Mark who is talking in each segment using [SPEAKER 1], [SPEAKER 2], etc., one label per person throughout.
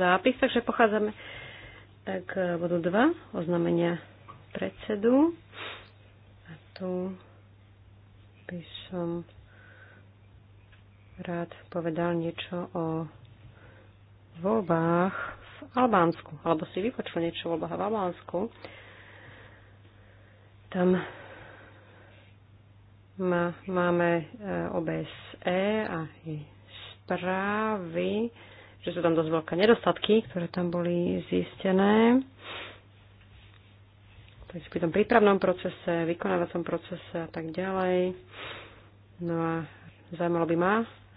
[SPEAKER 1] zápis, takže pochádzame k e, bodu 2, oznámenia predsedu. A tu by som rád povedal niečo o voľbách v Albánsku, alebo si vypočul niečo o voľbách v Albánsku. Tam má, máme OBSE e a správy že sú tam dosť veľké nedostatky, ktoré tam boli zistené. Takže pri tom prípravnom procese, vykonávacom procese a tak ďalej. No a zaujímalo by ma,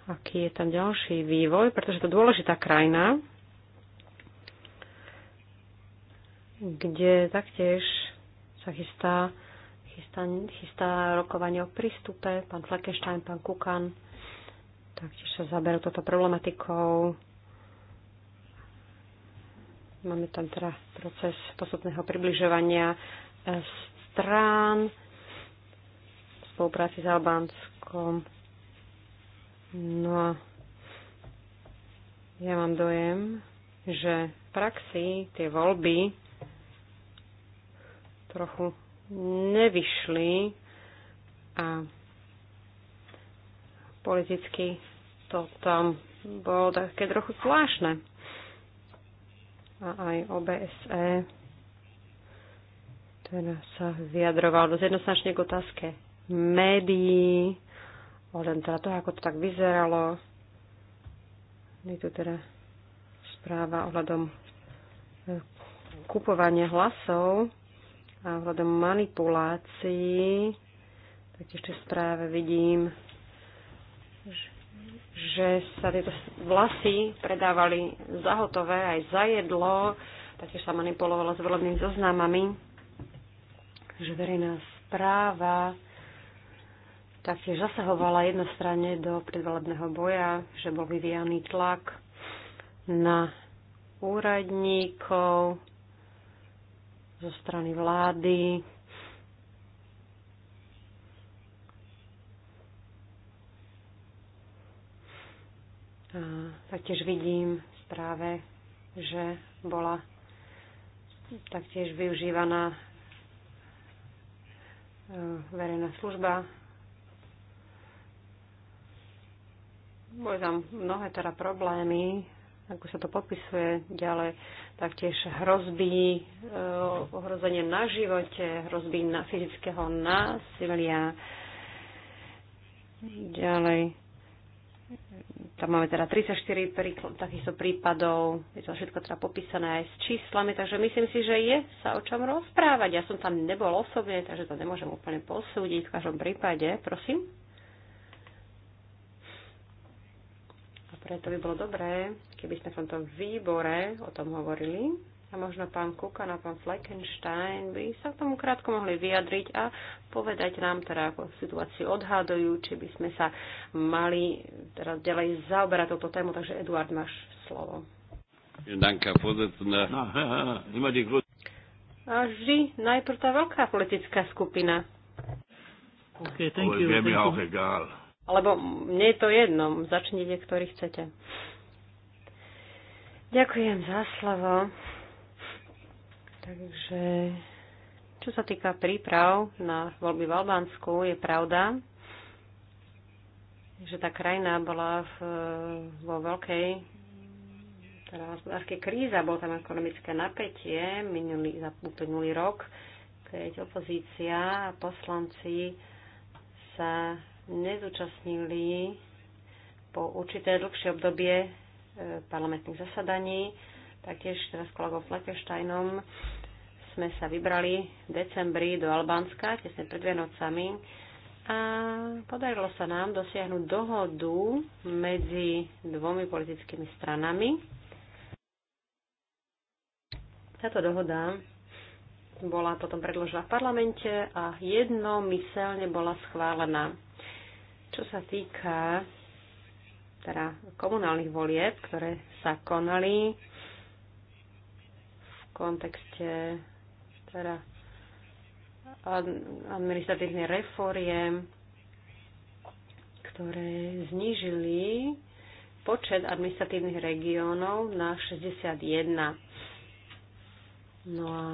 [SPEAKER 1] aký je tam ďalší vývoj, pretože to je dôležitá krajina, kde taktiež sa chystá, chystá, chystá rokovanie o prístupe, pán Fleckenstein, pán Kukan, taktiež sa zaberú toto problematikou Máme tam teda proces postupného približovania e, strán v spolupráci s Albánskom. No a ja mám dojem, že v praxi tie voľby trochu nevyšli a politicky to tam bolo také trochu zvláštne a aj OBSE ten sa vyjadroval dosť jednoznačne k otázke médií, len teda toho, ako to tak vyzeralo. Je tu teda správa ohľadom eh, kupovania hlasov a ohľadom manipulácií. tak tu správe vidím, že že sa tieto vlasy predávali za hotové, aj za jedlo, taktiež sa manipulovalo s volebnými zoznámami, že verejná správa taktiež zasahovala jednostranne do predvolebného boja, že bol vyvíjaný tlak na úradníkov zo strany vlády, taktiež vidím v správe, že bola taktiež využívaná e, verejná služba. Boli tam mnohé teda problémy, ako sa to popisuje ďalej, taktiež hrozby, e, ohrozenie na živote, hrozby na fyzického násilia, ďalej tam máme teda 34 príklad, takýchto prípadov, je to všetko teda popísané aj s číslami, takže myslím si, že je sa o čom rozprávať. Ja som tam nebol osobne, takže to nemôžem úplne posúdiť v každom prípade, prosím. A preto by bolo dobré, keby sme v tomto výbore o tom hovorili a možno pán Kukan a pán Fleckenstein by sa k tomu krátko mohli vyjadriť a povedať nám teda, ako situáciu odhadujú, či by sme sa mali teraz ďalej zaoberať toto tému. Takže Eduard, máš slovo. A vždy najprv tá veľká politická skupina. Okay, thank you, thank you. Alebo mne je to jedno, začnite, ktorý chcete. Ďakujem za slovo. Takže čo sa týka príprav na voľby v Albánsku, je pravda, že tá krajina bola v, vo veľkej teda hospodárskej kríze, bolo tam ekonomické napätie minulý, za minulý rok, keď opozícia a poslanci sa nezúčastnili po určité dlhšie obdobie eh, parlamentných zasadaní Taktiež teraz s kolegou Fleckensteinom sme sa vybrali v decembri do Albánska, tesne pred Vianocami. A podarilo sa nám dosiahnuť dohodu medzi dvomi politickými stranami. Táto dohoda bola potom predložená v parlamente a jednomyselne bola schválená. Čo sa týka teda komunálnych volieb, ktoré sa konali kontexte teda administratívnych reforie, ktoré znížili počet administratívnych regiónov na 61. No a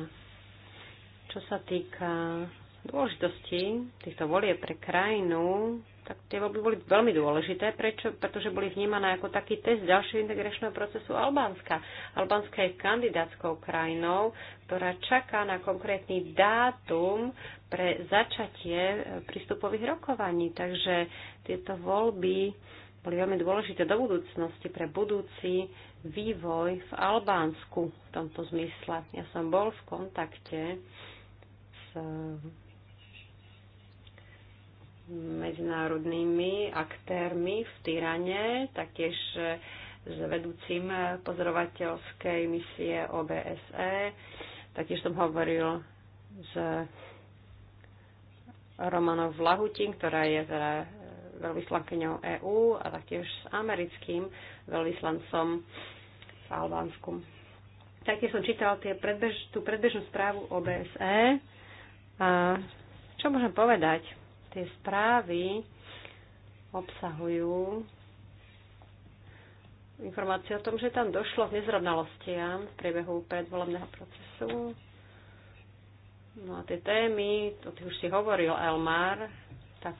[SPEAKER 1] čo sa týka dôležitosti týchto volie pre krajinu, tak tie voľby boli veľmi dôležité. Prečo? Pretože boli vnímané ako taký test ďalšieho integračného procesu Albánska. Albánska je kandidátskou krajinou, ktorá čaká na konkrétny dátum pre začatie e, prístupových rokovaní. Takže tieto voľby boli veľmi dôležité do budúcnosti pre budúci vývoj v Albánsku v tomto zmysle. Ja som bol v kontakte s medzinárodnými aktérmi v Tyrane, taktiež s vedúcim pozorovateľskej misie OBSE. Taktiež som hovoril s Romanov Vlahutin, ktorá je teda veľvyslankyňou EÚ a taktiež s americkým veľvyslancom v Albánsku. Taktiež som čítal tie predbež, tú predbežnú správu OBSE. A čo môžem povedať? Tie správy obsahujú informácie o tom, že tam došlo k nezrovnalostiam v priebehu predvolebného procesu. No a tie témy, to ty už si hovoril, Elmar,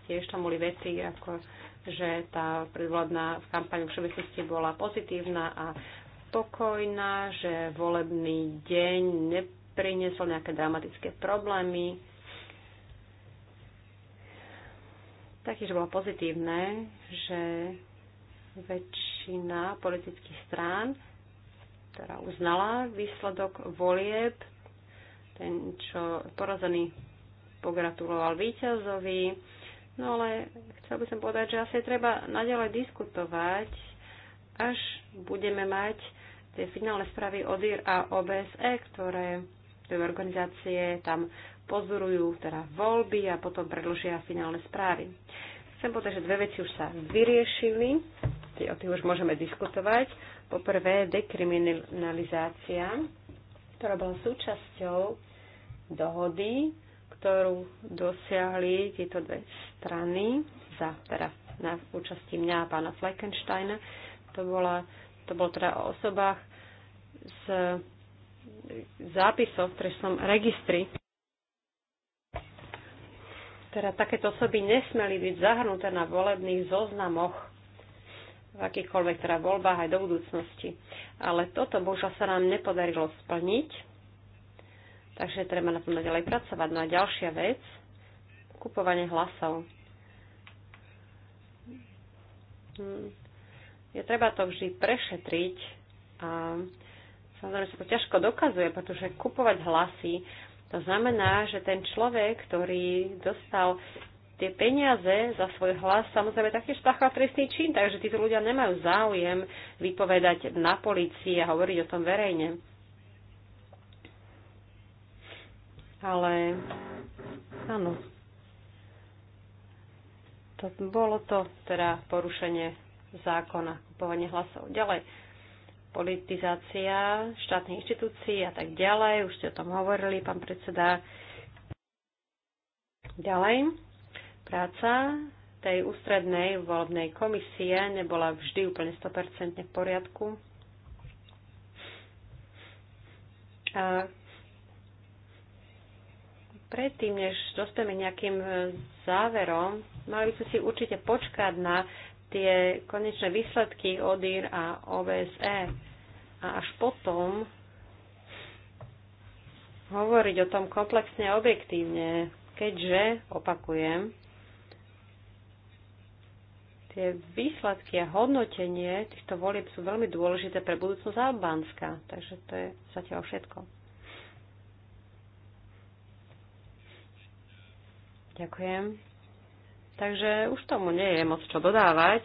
[SPEAKER 1] tiež tam boli veci, ako že tá predvolebná v v všeobecnosti bola pozitívna a spokojná, že volebný deň nepriniesol nejaké dramatické problémy. Taktiež bolo pozitívne, že väčšina politických strán, ktorá uznala výsledok volieb, ten, čo porazený pogratuloval víťazovi. No ale chcel by som povedať, že asi treba naďalej diskutovať, až budeme mať tie finálne správy ODIR a OBSE, ktoré tie organizácie tam pozorujú teda voľby a potom predložia finálne správy. Chcem povedať, že dve veci už sa vyriešili, o tých už môžeme diskutovať. Poprvé, dekriminalizácia, ktorá bola súčasťou dohody, ktorú dosiahli tieto dve strany za teda na účasti mňa a pána Fleckensteina. To, bola, to bolo teda o osobách z zápisov v trestnom registri teda takéto osoby nesmeli byť zahrnuté na volebných zoznamoch v akýchkoľvek teda voľbách aj do budúcnosti. Ale toto bohužiaľ sa nám nepodarilo splniť, takže treba na tom ďalej pracovať. No a ďalšia vec, kupovanie hlasov. Hm. Je treba to vždy prešetriť a samozrejme sa to ťažko dokazuje, pretože kupovať hlasy to znamená, že ten človek, ktorý dostal tie peniaze za svoj hlas, samozrejme taktiež spáchal trestný čin, takže títo ľudia nemajú záujem vypovedať na policii a hovoriť o tom verejne. Ale áno, to, bolo to teda porušenie zákona, kupovanie hlasov. Ďalej, politizácia štátnych inštitúcií a tak ďalej. Už ste o tom hovorili, pán predseda. Ďalej, práca tej ústrednej volebnej komisie nebola vždy úplne 100% v poriadku. A predtým, než dostaneme nejakým záverom, mali by sme si určite počkať na tie konečné výsledky ODIR a OBSE. A až potom hovoriť o tom komplexne a objektívne, keďže, opakujem, tie výsledky a hodnotenie týchto volieb sú veľmi dôležité pre budúcnosť Albánska. Takže to je zatiaľ všetko. Ďakujem. Takže už tomu nie je moc čo dodávať.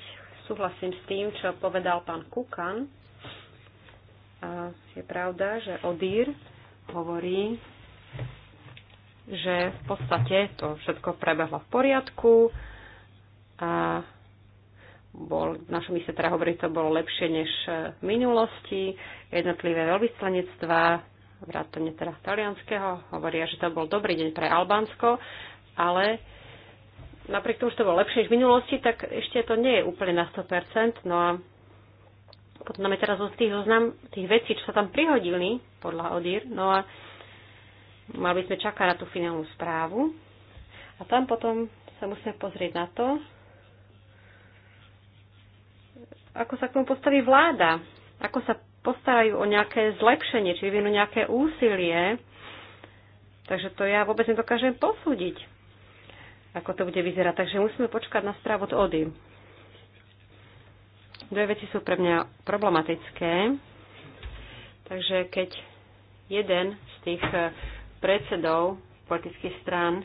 [SPEAKER 1] Súhlasím s tým, čo povedal pán Kukan. A je pravda, že Odír hovorí, že v podstate to všetko prebehlo v poriadku a bol, v našom mysle teda hovorí, to bolo lepšie než v minulosti. Jednotlivé veľvyslanectvá, vrátane teda talianského, hovoria, že to bol dobrý deň pre Albánsko, ale napriek tomu, že to bolo lepšie než v minulosti, tak ešte to nie je úplne na 100%. No a potom máme teraz z tých zoznam tých vecí, čo sa tam prihodili podľa ODIR. No a mali by sme čakať na tú finálnu správu. A tam potom sa musíme pozrieť na to, ako sa k tomu postaví vláda, ako sa postarajú o nejaké zlepšenie, či vyvinú nejaké úsilie. Takže to ja vôbec nedokážem posúdiť ako to bude vyzerať. Takže musíme počkať na správu od Ody. Dve veci sú pre mňa problematické. Takže keď jeden z tých eh, predsedov politických strán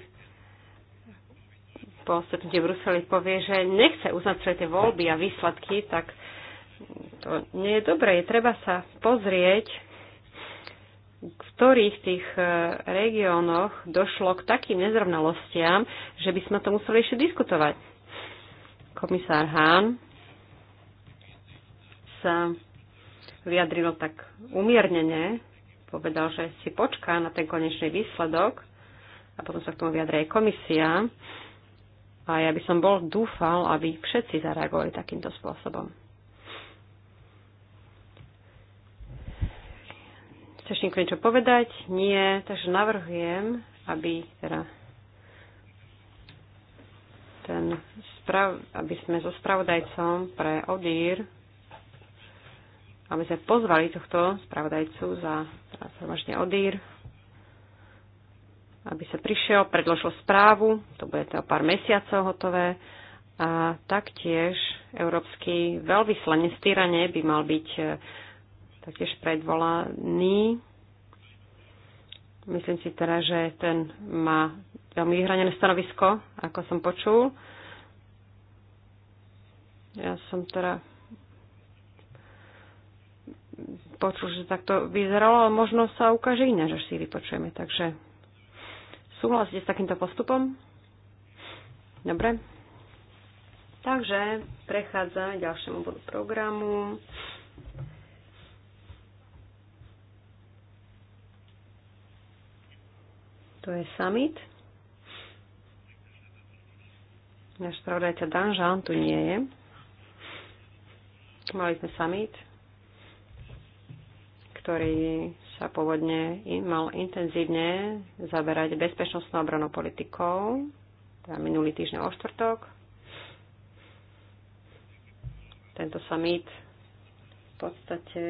[SPEAKER 1] po stretnutí v Bruseli povie, že nechce uznať svoje tie voľby a výsledky, tak to nie je dobré. Je treba sa pozrieť ktorých tých e, regiónoch došlo k takým nezrovnalostiam, že by sme to museli ešte diskutovať. Komisár Hahn sa vyjadril tak umiernene, povedal, že si počká na ten konečný výsledok a potom sa k tomu vyjadrie aj komisia. A ja by som bol dúfal, aby všetci zareagovali takýmto spôsobom. Chceš niekto niečo povedať? Nie. Takže navrhujem, aby teda ten sprav, aby sme so spravodajcom pre Odír, aby sme pozvali tohto spravodajcu za teda zhromaždenie teda Odír, aby sa prišiel, predložil správu, to bude to teda o pár mesiacov hotové, a taktiež európsky veľvyslanec v Tyrane by mal byť e, taktiež predvolaný. Myslím si teda, že ten má veľmi vyhranené stanovisko, ako som počul. Ja som teda počul, že takto vyzeralo, ale možno sa ukáže iné, že si vypočujeme. Takže súhlasíte s takýmto postupom? Dobre. Takže prechádzame k ďalšiemu bodu programu. To je summit.
[SPEAKER 2] Náš spravodajca Danžan tu nie je. Mali
[SPEAKER 1] sme summit, ktorý sa pôvodne mal intenzívne zaberať bezpečnostnou obranou politikou, teda minulý týždeň o štvrtok. Tento summit v podstate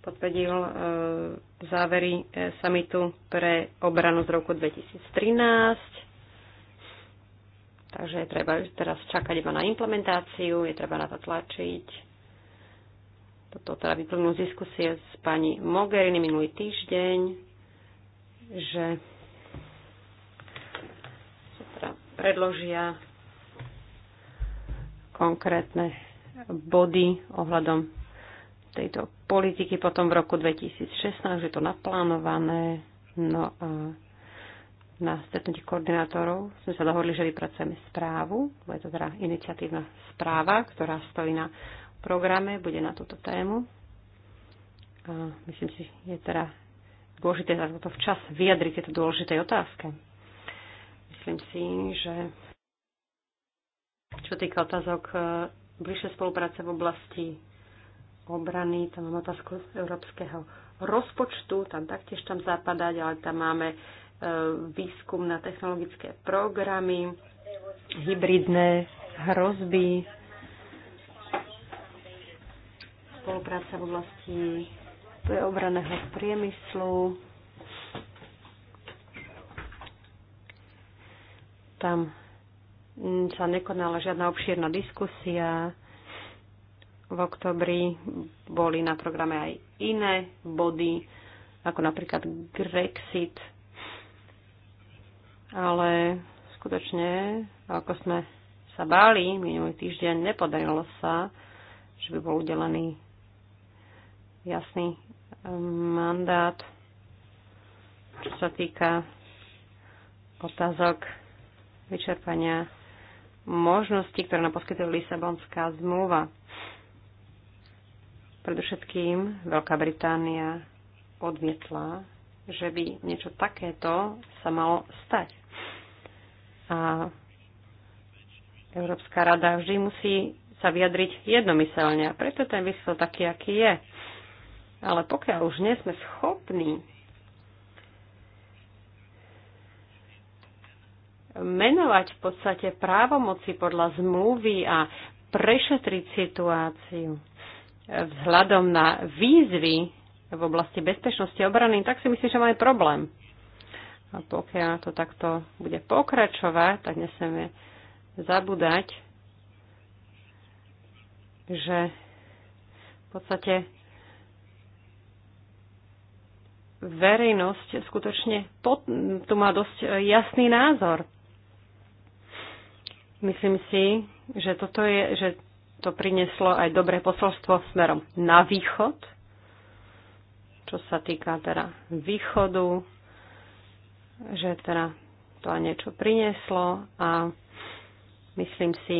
[SPEAKER 1] potvrdil e, závery e, samitu pre obranu z roku 2013. Takže je treba teraz čakať iba na implementáciu, je treba na to tlačiť. Toto teda vyplnú z diskusie s pani Mogherini minulý týždeň, že sa teda predložia konkrétne body ohľadom tejto politiky potom v roku 2016, že je to naplánované. No a na stretnutí koordinátorov sme sa dohodli, že vypracujeme správu, bo je to teda iniciatívna správa, ktorá stojí na programe, bude na túto tému. A myslím si, je teda dôležité za toto včas vyjadriť tieto dôležité otázke. Myslím si, že čo týka otázok e, bližšie spolupráce v oblasti obrany, tam mám otázku európskeho rozpočtu, tam taktiež tam zapadať, ale tam máme e, výskum na technologické programy,
[SPEAKER 2] hybridné
[SPEAKER 1] hrozby, spolupráca v oblasti obraného priemyslu. Tam sa nekonala žiadna obšírna diskusia v oktobri boli na programe aj iné body, ako napríklad Grexit. Ale skutočne, ako sme sa báli, minulý týždeň nepodarilo sa, že by bol udelený jasný um, mandát, čo sa týka otázok vyčerpania možností, ktoré nám poskytuje Lisabonská zmluva. Predovšetkým Veľká Británia odmietla, že by niečo takéto sa malo stať. A Európska rada vždy musí sa vyjadriť jednomyselne a preto ten vysiel taký, aký je. Ale pokiaľ už nie sme schopní menovať v podstate právomoci podľa zmluvy a prešetriť situáciu, vzhľadom na výzvy v oblasti bezpečnosti obrany, tak si myslím, že máme problém. A pokiaľ to takto bude pokračovať, tak nesmieme zabúdať, že v podstate verejnosť skutočne pod, tu má dosť jasný názor. Myslím si, že toto je, že to prinieslo aj dobré posolstvo smerom na východ, čo sa týka teda východu, že teda to aj niečo prinieslo a myslím si,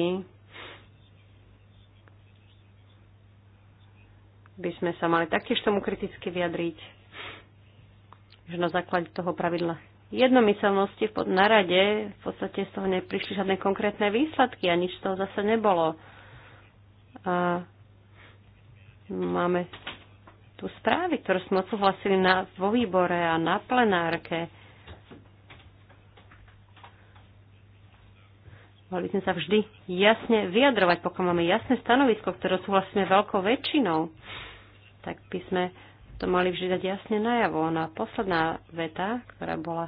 [SPEAKER 1] by sme sa mali taktiež tomu kriticky vyjadriť, že na základe toho pravidla jednomyselnosti v rade v podstate z toho neprišli žiadne konkrétne výsledky a nič z toho zase nebolo. A máme tu správy, ktoré sme odsúhlasili na, vo výbore a na plenárke. Mali sme sa vždy jasne vyjadrovať, pokiaľ máme jasné stanovisko, ktoré súhlasíme veľkou väčšinou, tak by sme to mali vždy dať jasne najavo. A posledná veta, ktorá bola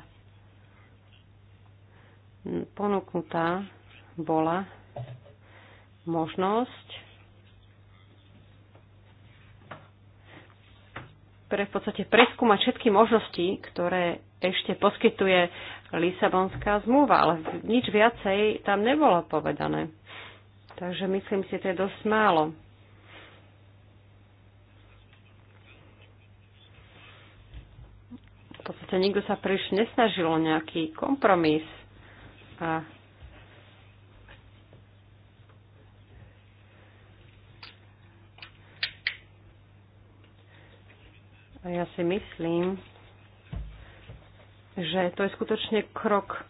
[SPEAKER 1] ponúknutá, bola možnosť pre v podstate preskúmať všetky možnosti, ktoré ešte poskytuje Lisabonská zmluva, ale nič viacej tam nebolo povedané. Takže myslím si, že to je dosť málo. V podstate nikto sa príliš nesnažil o nejaký kompromis a Ja si myslím, že to je skutočne krok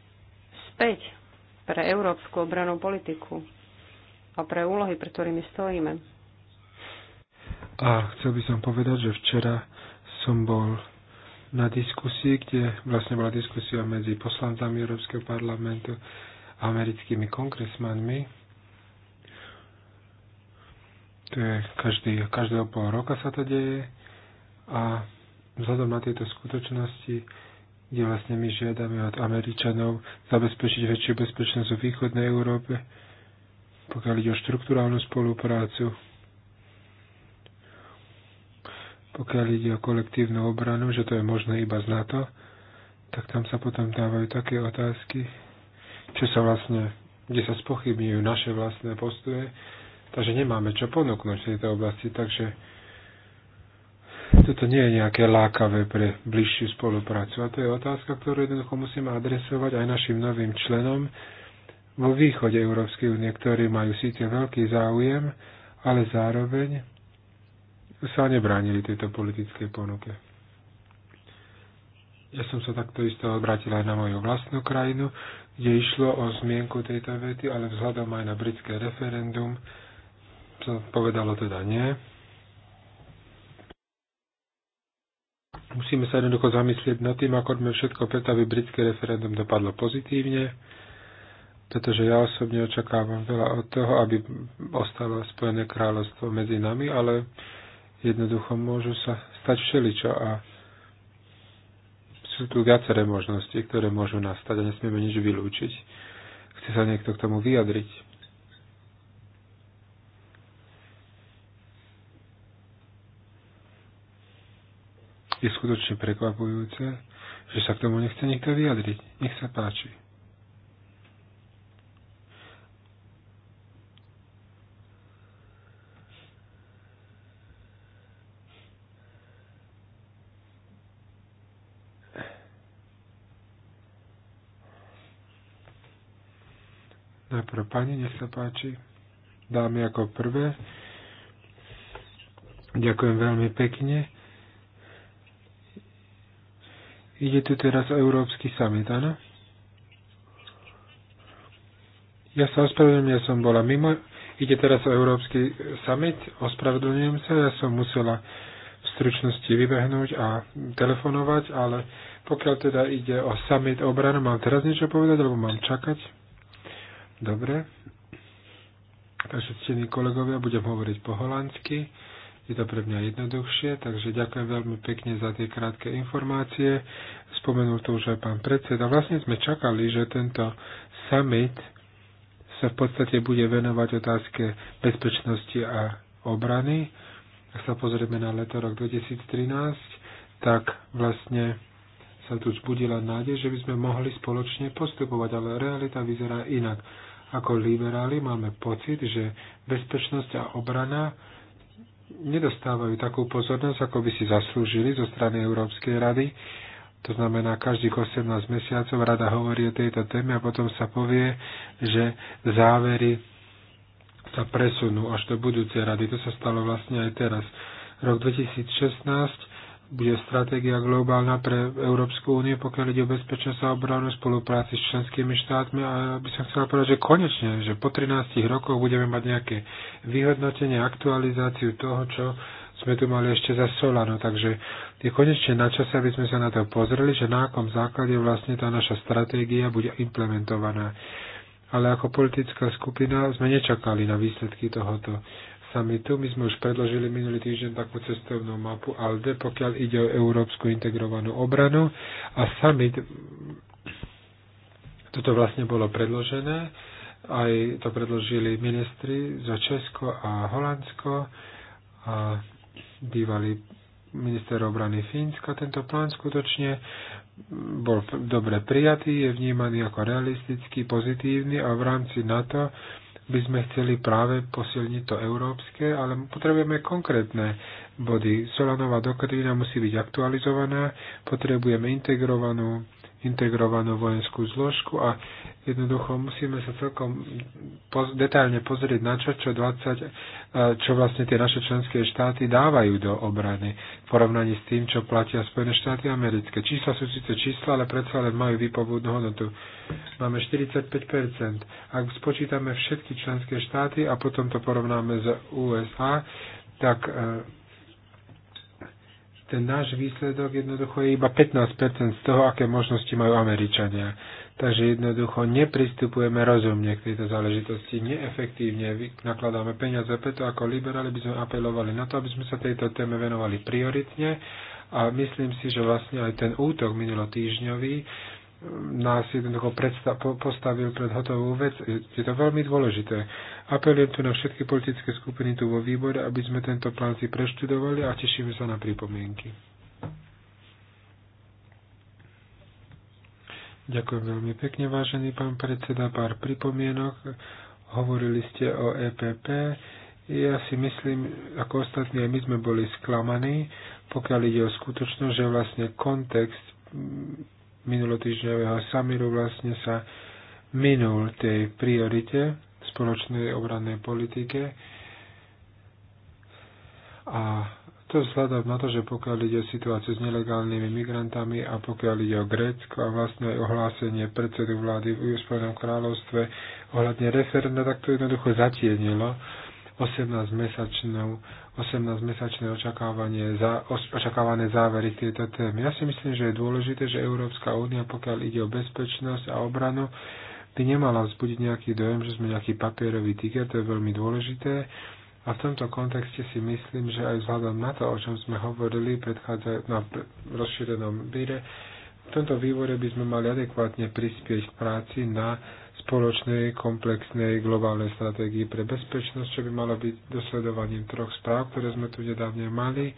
[SPEAKER 1] späť pre európsku obranú politiku a pre úlohy, pre ktorými stojíme.
[SPEAKER 3] A chcel by som povedať, že včera som bol na diskusii, kde vlastne bola diskusia medzi poslancami Európskeho parlamentu a americkými kongresmanmi. To je každý, každého pol roka sa to deje. A vzhľadom na tieto skutočnosti, kde vlastne my žiadame od Američanov zabezpečiť väčšiu bezpečnosť v východnej Európe, pokiaľ ide o štruktúrálnu spoluprácu, pokiaľ ide o kolektívnu obranu, že to je možné iba z NATO, tak tam sa potom dávajú také otázky, čo sa vlastne, kde sa spochybňujú naše vlastné postoje, takže nemáme čo ponúknuť v tejto oblasti, takže toto nie je nejaké lákavé pre bližšiu spoluprácu. A to je otázka, ktorú jednoducho musíme adresovať aj našim novým členom vo východe Európskej únie, ktorí majú síce veľký záujem, ale zároveň sa nebránili tejto politickej ponuke. Ja som sa takto isto obrátil aj na moju vlastnú krajinu, kde išlo o zmienku tejto vety, ale vzhľadom aj na britské referendum to povedalo teda nie Musíme sa jednoducho zamyslieť nad tým, ako sme všetko preto, aby britské referendum dopadlo pozitívne, pretože ja osobne očakávam veľa od toho, aby ostalo Spojené kráľovstvo medzi nami, ale jednoducho môžu sa stať všeličo a sú tu viaceré možnosti, ktoré môžu nastať a nesmieme nič vylúčiť. Chce sa niekto k tomu vyjadriť? je skutočne prekvapujúce, že sa k tomu nechce nikto vyjadriť. Nech sa páči. Najprv pani, nech sa páči. Dámy ako prvé. Ďakujem veľmi pekne Ide tu teraz o Európsky summit, áno? Ja sa ospravedlňujem, ja som bola mimo. Ide teraz o Európsky summit, ospravedlňujem sa, ja som musela v stručnosti vybehnúť a telefonovať, ale pokiaľ teda ide o summit obranu, mám teraz niečo povedať, alebo mám čakať? Dobre. Takže, ctení kolegovia, budem hovoriť po holandsky je to pre mňa jednoduchšie, takže ďakujem veľmi pekne za tie krátke informácie. Spomenul to už aj pán predseda. Vlastne sme čakali, že tento summit sa v podstate bude venovať otázke bezpečnosti a obrany. Ak sa pozrieme na leto rok 2013, tak vlastne sa tu zbudila nádej, že by sme mohli spoločne postupovať, ale realita vyzerá inak. Ako liberáli máme pocit, že bezpečnosť a obrana nedostávajú takú pozornosť, ako by si zaslúžili zo strany Európskej rady. To znamená, každých 18 mesiacov rada hovorí o tejto téme a potom sa povie, že závery sa presunú až do budúcej rady. To sa stalo vlastne aj teraz. Rok 2016 bude stratégia globálna pre Európsku úniu, pokiaľ ide o bezpečnosť a obranu spolupráci s členskými štátmi. A ja by som chcela povedať, že konečne, že po 13 rokoch budeme mať nejaké vyhodnotenie, aktualizáciu toho, čo sme tu mali ešte za Solano. Takže je konečne na čase, aby sme sa na to pozreli, že na akom základe vlastne tá naša stratégia bude implementovaná. Ale ako politická skupina sme nečakali na výsledky tohoto samitu. My sme už predložili minulý týždeň takú cestovnú mapu ALDE, pokiaľ ide o európsku integrovanú obranu. A summit, toto vlastne bolo predložené, aj to predložili ministri za Česko a Holandsko a bývalý minister obrany Fínska. Tento plán skutočne bol dobre prijatý, je vnímaný ako realistický, pozitívny a v rámci NATO by sme chceli práve posilniť to európske, ale potrebujeme konkrétne body. Solanová doktrína musí byť aktualizovaná, potrebujeme integrovanú integrovanú vojenskú zložku a Jednoducho musíme sa celkom poz, detailne pozrieť na čo, čo, 20, e, čo vlastne tie naše členské štáty dávajú do obrany v porovnaní s tým, čo platia Spojené štáty americké. Čísla sú síce čísla, ale predsa len majú výpovednú hodnotu. Máme 45%. Ak spočítame všetky členské štáty a potom to porovnáme s USA, tak e, ten náš výsledok jednoducho je iba 15% z toho, aké možnosti majú Američania Takže jednoducho nepristupujeme rozumne k tejto záležitosti, neefektívne nakladáme peniaze, preto ako liberáli by sme apelovali na to, aby sme sa tejto téme venovali prioritne a myslím si, že vlastne aj ten útok minulotýžňový um, nás jednoducho postavil pred hotovú vec. Je to veľmi dôležité. Apelujem tu na všetky politické skupiny tu vo výbore, aby sme tento plán si preštudovali a tešíme sa na pripomienky. Ďakujem veľmi pekne, vážený pán predseda. Pár pripomienok. Hovorili ste o EPP. Ja si myslím, ako ostatní, my sme boli sklamaní, pokiaľ ide o skutočnosť, že vlastne kontext minulotýždňového samiru vlastne sa minul tej priorite spoločnej obrannej politike a to vzhľadom na to, že pokiaľ ide o situáciu s nelegálnymi migrantami a pokiaľ ide o Grécko a vlastne aj ohlásenie predsedu vlády v Spojenom kráľovstve ohľadne referenda, tak to jednoducho zatienilo 18 18-mesačné očakávanie, za, očakávané závery k tejto téme. Ja si myslím, že je dôležité, že Európska únia, pokiaľ ide o bezpečnosť a obranu, by nemala vzbudiť nejaký dojem, že sme nejaký papierový tiger, to je veľmi dôležité. A v tomto kontexte si myslím, že aj vzhľadom na to, o čom sme hovorili predchádzajú na rozšírenom víre, v tomto vývore by sme mali adekvátne prispieť k práci na spoločnej, komplexnej, globálnej stratégii pre bezpečnosť, čo by malo byť dosledovaním troch správ, ktoré sme tu nedávne mali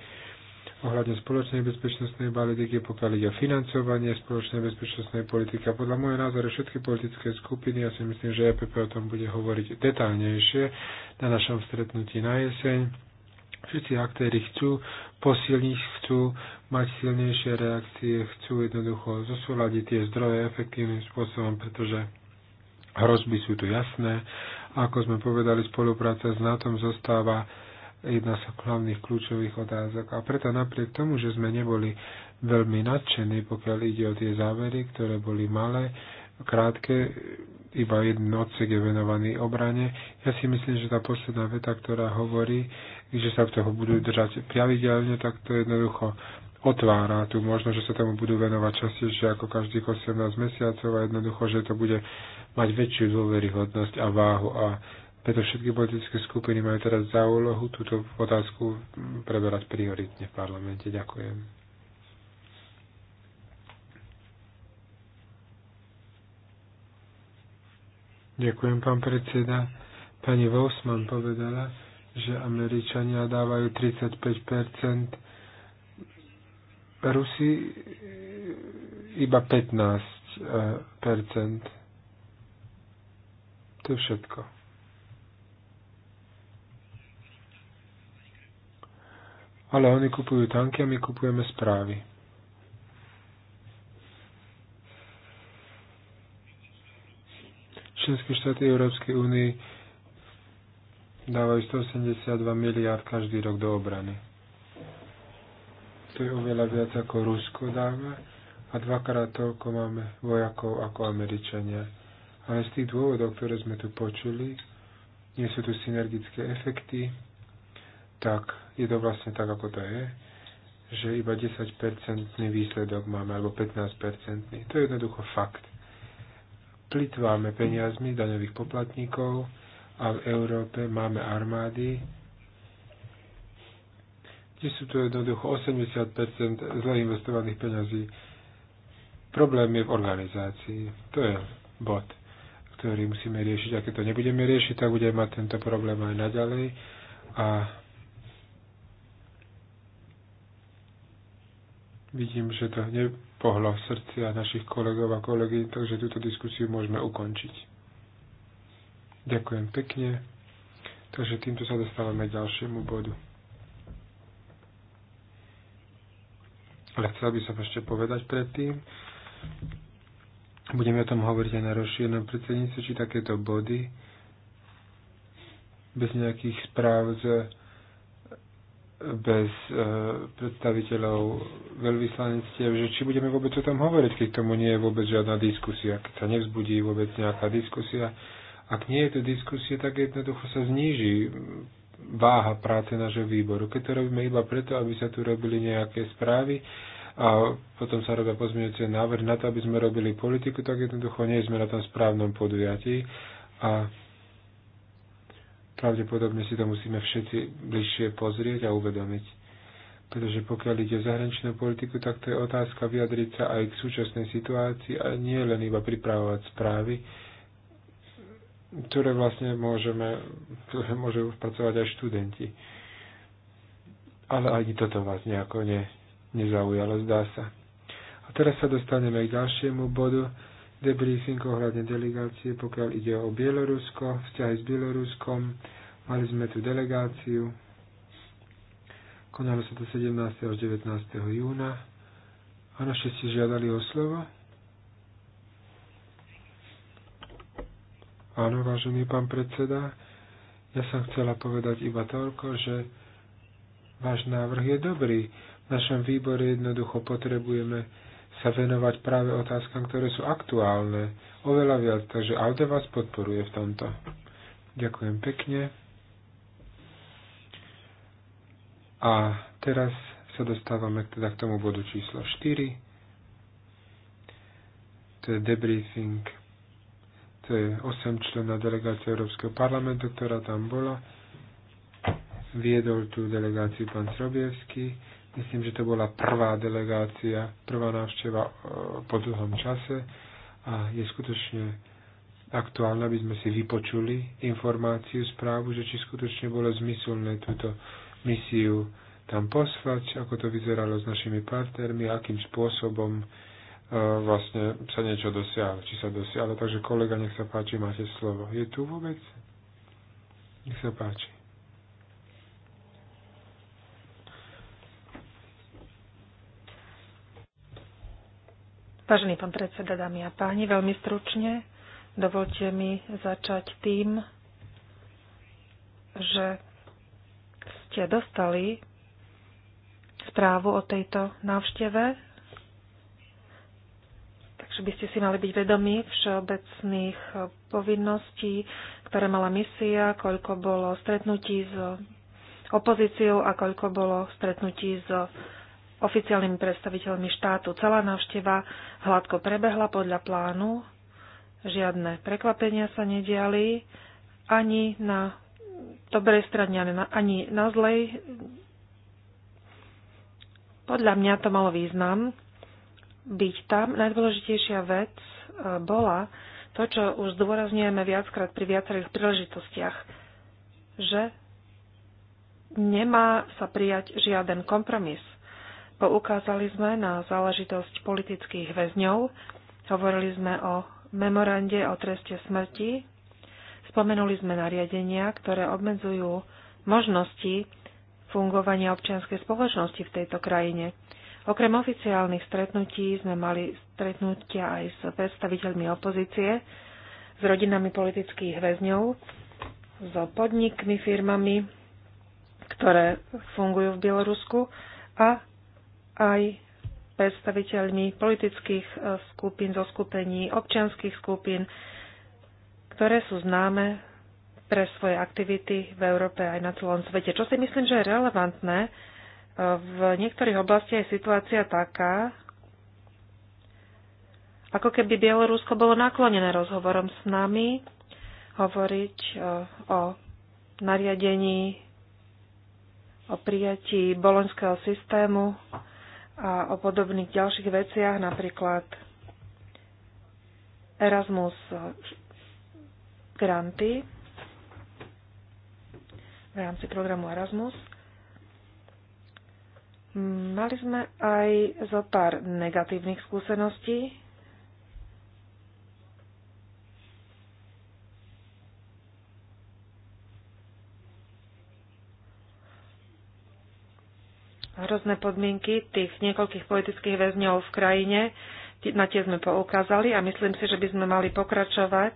[SPEAKER 3] ohľadne spoločnej bezpečnostnej politiky, pokiaľ ide o financovanie spoločnej bezpečnostnej politiky. A podľa môjho názoru všetky politické skupiny, ja si myslím, že EPP o tom bude hovoriť detálnejšie na našom stretnutí na jeseň. Všetci aktéry chcú posilniť, chcú mať silnejšie reakcie, chcú jednoducho zosúľadiť tie zdroje efektívnym spôsobom, pretože hrozby sú tu jasné. Ako sme povedali, spolupráca s NATO zostáva jedna z hlavných kľúčových otázok. A preto napriek tomu, že sme neboli veľmi nadšení, pokiaľ ide o tie závery, ktoré boli malé, krátke, iba jeden odsek je venovaný obrane. Ja si myslím, že tá posledná veta, ktorá hovorí, že sa v toho budú držať pravidelne, tak to jednoducho otvára tu možno, že sa tomu budú venovať častejšie ako každých 18 mesiacov a jednoducho, že to bude mať väčšiu dôveryhodnosť a váhu a preto všetky politické skupiny majú teraz za úlohu túto otázku preberať prioritne v parlamente. Ďakujem. Ďakujem, pán predseda. Pani Vosman povedala, že Američania dávajú 35%, Rusi iba 15%. To je všetko. ale oni kupujú tanky a my kupujeme správy. Členské štáty Európskej únie dávajú 182 miliard každý rok do obrany. To je oveľa viac ako Rusko dáva a dvakrát toľko máme vojakov ako Američania. Ale z tých dôvodov, ktoré sme tu počuli, nie sú tu synergické efekty, tak je to vlastne tak, ako to je, že iba 10-percentný výsledok máme, alebo 15-percentný. To je jednoducho fakt. Plitváme peniazmi daňových poplatníkov a v Európe máme armády, kde sú to jednoducho 80% zle investovaných peňazí. Problém je v organizácii. To je bod, ktorý musíme riešiť. A keď to nebudeme riešiť, tak budeme mať tento problém aj naďalej. A Vidím, že to nepohlo srdcia našich kolegov a kolegy, takže túto diskusiu môžeme ukončiť. Ďakujem pekne. Takže týmto sa dostávame k ďalšiemu bodu. Ale chcel by som ešte povedať predtým, budeme o tom hovoriť aj na rozšírenom predsedníctve, či takéto body bez nejakých správ z bez e, predstaviteľov veľvyslanectiev, že či budeme vôbec o tom hovoriť, keď tomu nie je vôbec žiadna diskusia, keď sa nevzbudí vôbec nejaká diskusia. Ak nie je to diskusia, tak jednoducho sa zníži váha práce nášho výboru. Keď to robíme iba preto, aby sa tu robili nejaké správy a potom sa robia pozmeňujúce návrh na to, aby sme robili politiku, tak jednoducho nie sme na tom správnom podujatí. A Pravdepodobne si to musíme všetci bližšie pozrieť a uvedomiť. Pretože pokiaľ ide o zahraničnú politiku, tak to je otázka vyjadriť sa aj k súčasnej situácii a nie len iba pripravovať správy, ktoré vlastne môžeme, ktoré môžu pracovať aj študenti. Ale ani toto vás nejako ne, nezaujalo, zdá sa. A teraz sa dostaneme k ďalšiemu bodu, debriefing ohľadne delegácie, pokiaľ ide o Bielorusko, vzťahy s Bieloruskom. Mali sme tu delegáciu. Konalo sa to 17. až 19. júna. Áno, ešte ste žiadali o slovo? Áno, vážený pán predseda, ja som chcela povedať iba toľko, že váš návrh je dobrý. V našom výbore jednoducho potrebujeme sa venovať práve otázkam, ktoré sú aktuálne, oveľa viac, takže Alde vás podporuje v tomto. Ďakujem pekne. A teraz sa dostávame teda k tomu bodu číslo 4. To je debriefing. To je 8 člena delegácie Európskeho parlamentu, ktorá tam bola. Viedol tú delegáciu pán Srobievský Myslím, že to bola prvá delegácia, prvá návšteva e, po dlhom čase a je skutočne aktuálne, aby sme si vypočuli informáciu, správu, že či skutočne bolo zmyselné túto misiu tam poslať, ako to vyzeralo s našimi partnermi, akým spôsobom e, vlastne sa niečo dosiahlo, či sa dosiahlo. Takže kolega, nech sa páči, máte slovo. Je tu vôbec? Nech sa páči.
[SPEAKER 2] Vážený pán predseda, dámy a páni, veľmi stručne dovolte mi začať tým, že ste dostali správu o tejto návšteve, takže by ste si mali byť vedomí všeobecných povinností, ktoré mala misia, koľko bolo stretnutí s opozíciou a koľko bolo stretnutí s oficiálnymi predstaviteľmi štátu. Celá návšteva hladko prebehla podľa plánu, žiadne prekvapenia sa nediali, ani na dobrej strane, ani na zlej. Podľa mňa to malo význam byť tam. Najdôležitejšia vec e, bola to, čo už zdôrazňujeme viackrát pri viacerých príležitostiach, že nemá sa prijať žiaden kompromis Poukázali sme na záležitosť politických väzňov, hovorili sme o memorande o treste smrti, spomenuli sme nariadenia, ktoré obmedzujú možnosti fungovania občianskej spoločnosti v tejto krajine. Okrem oficiálnych stretnutí sme mali stretnutia aj s predstaviteľmi opozície, s rodinami politických väzňov, so podnikmi, firmami, ktoré fungujú v Bielorusku a aj predstaviteľmi politických e, skupín, zo skupení občianských skupín, ktoré sú známe pre svoje aktivity v Európe aj na celom svete. Čo si myslím, že je relevantné, e, v niektorých oblastiach je situácia taká, ako keby Bielorusko bolo naklonené rozhovorom s nami, hovoriť e, o nariadení, o prijatí boloňského systému, a o podobných ďalších veciach, napríklad Erasmus granty v rámci programu Erasmus. Mali sme aj zo pár negatívnych skúseností hrozné podmienky tých niekoľkých politických väzňov v krajine. Na tie sme poukázali a myslím si, že by sme mali pokračovať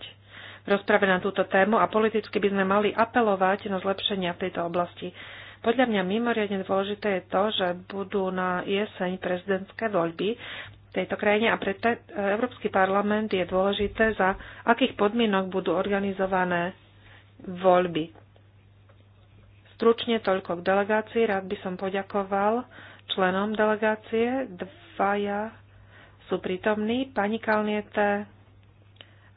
[SPEAKER 2] v rozprave na túto tému a politicky by sme mali apelovať na zlepšenia v tejto oblasti. Podľa mňa mimoriadne dôležité je to, že budú na jeseň prezidentské voľby v tejto krajine a pre te, Európsky parlament je dôležité, za akých podmienok budú organizované voľby Stručne toľko k delegácii. Rád by som poďakoval členom delegácie. Dvaja sú prítomní, pani Kalniete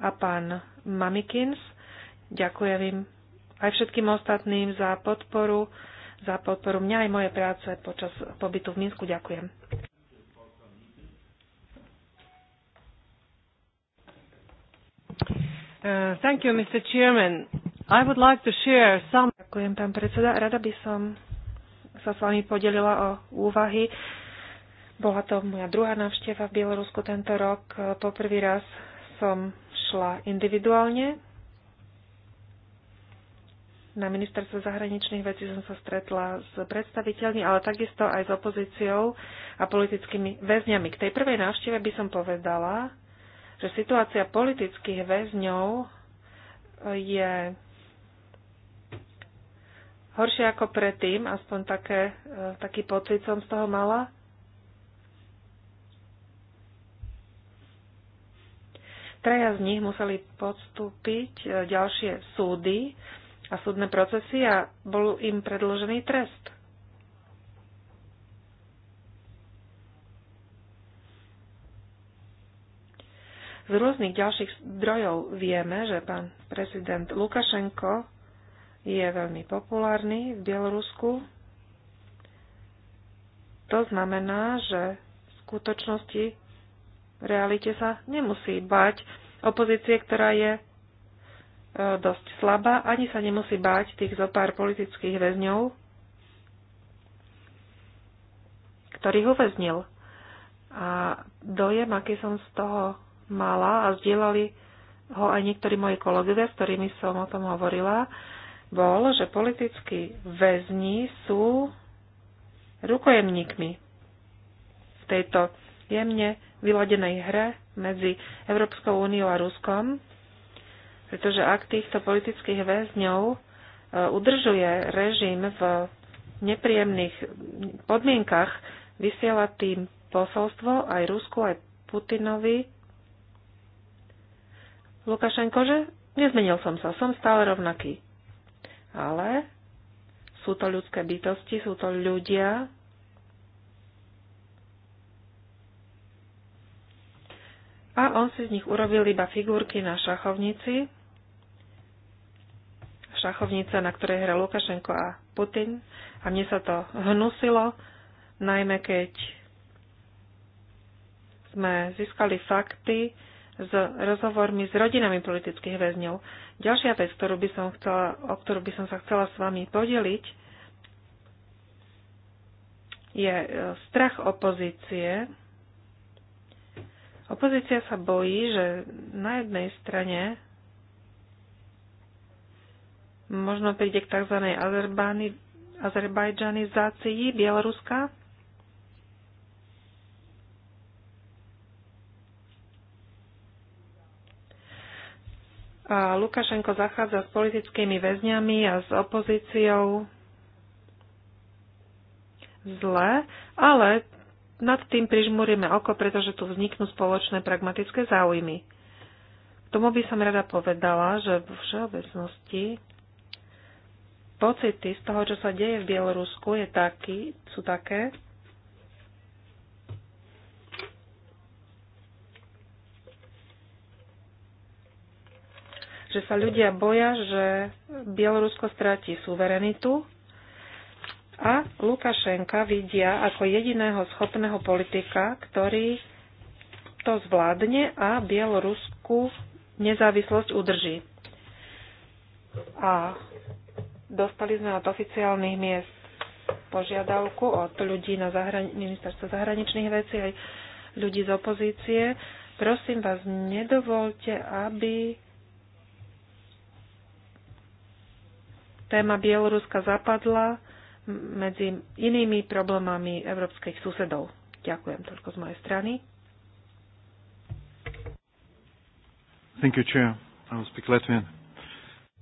[SPEAKER 2] a pán Mamikins. Ďakujem im aj všetkým ostatným za podporu, za podporu mňa aj moje práce počas pobytu v Minsku. Ďakujem. Uh, thank you, Mr. Chairman. I would like to share some... Ďakujem, pán predseda. Rada by som sa s vami podelila o úvahy. Bola to moja druhá návšteva v Bielorusku tento rok. prvý raz som šla individuálne. Na ministerstve zahraničných vecí som sa stretla s predstaviteľmi, ale takisto aj s opozíciou a politickými väzňami. K tej prvej návšteve by som povedala, že situácia politických väzňov je horšie ako predtým, aspoň také, e, taký pocit som z toho mala. Traja z nich museli podstúpiť e, ďalšie súdy a súdne procesy a bol im predložený trest. Z rôznych ďalších zdrojov vieme, že pán prezident Lukašenko je veľmi populárny v Bielorusku. To znamená, že v skutočnosti v realite sa nemusí bať opozície, ktorá je e, dosť slabá, ani sa nemusí báť tých zo pár politických väzňov, ktorých uväznil. A dojem, aký som z toho mala a zdieľali ho aj niektorí moji kolegovia, s ktorými som o tom hovorila, bol, že politickí väzni sú rukojemníkmi v tejto jemne vyladenej hre medzi Európskou úniou a Ruskom, pretože ak týchto politických väzňov e, udržuje režim v nepríjemných podmienkach, vysiela tým posolstvo aj Rusku, aj Putinovi. Lukašenko, že nezmenil som sa, som stále rovnaký ale sú to ľudské bytosti, sú to ľudia. A on si z nich urobil iba figurky na šachovnici. Šachovnica, na ktorej hra Lukašenko a Putin. A mne sa to hnusilo, najmä keď sme získali fakty s rozhovormi s rodinami politických väzňov. Ďalšia vec, ktorú by som chcela, o ktorú by som sa chcela s vami podeliť, je e, strach opozície. Opozícia sa bojí, že na jednej strane možno príde k tzv. Azerbajdžanizácii Bieloruska, Lukašenko zachádza s politickými väzňami a s opozíciou zle, ale nad tým prižmúrime oko, pretože tu vzniknú spoločné pragmatické záujmy. K tomu by som rada povedala, že v všeobecnosti pocity z toho, čo sa deje v Bielorusku, je taký, sú také, že sa ľudia boja, že Bielorusko stráti suverenitu a Lukašenka vidia ako jediného schopného politika, ktorý to zvládne a Bielorusku nezávislosť udrží. A dostali sme od oficiálnych miest požiadavku od ľudí na zahrani- ministerstvo zahraničných vecí aj ľudí z opozície. Prosím vás, nedovolte, aby téma Bieloruska zapadla medzi inými problémami európskych susedov. Ďakujem toľko z mojej strany.
[SPEAKER 3] Thank you, Chair. I will speak Latvian.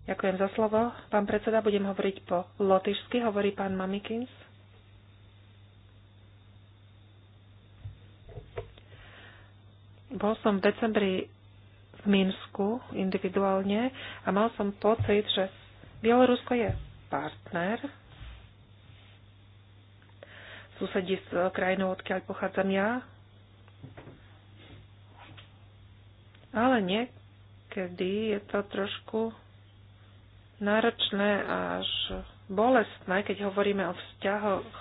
[SPEAKER 2] Ďakujem za slovo. Pán predseda, budem hovoriť po lotyšsky, hovorí pán Mamikins. Bol som v decembri v Minsku individuálne a mal som pocit, že Bielorusko je partner, susedí s eh, krajinou, odkiaľ pochádzam ja, ale niekedy je to trošku náročné až bolestné, keď hovoríme o vzťahoch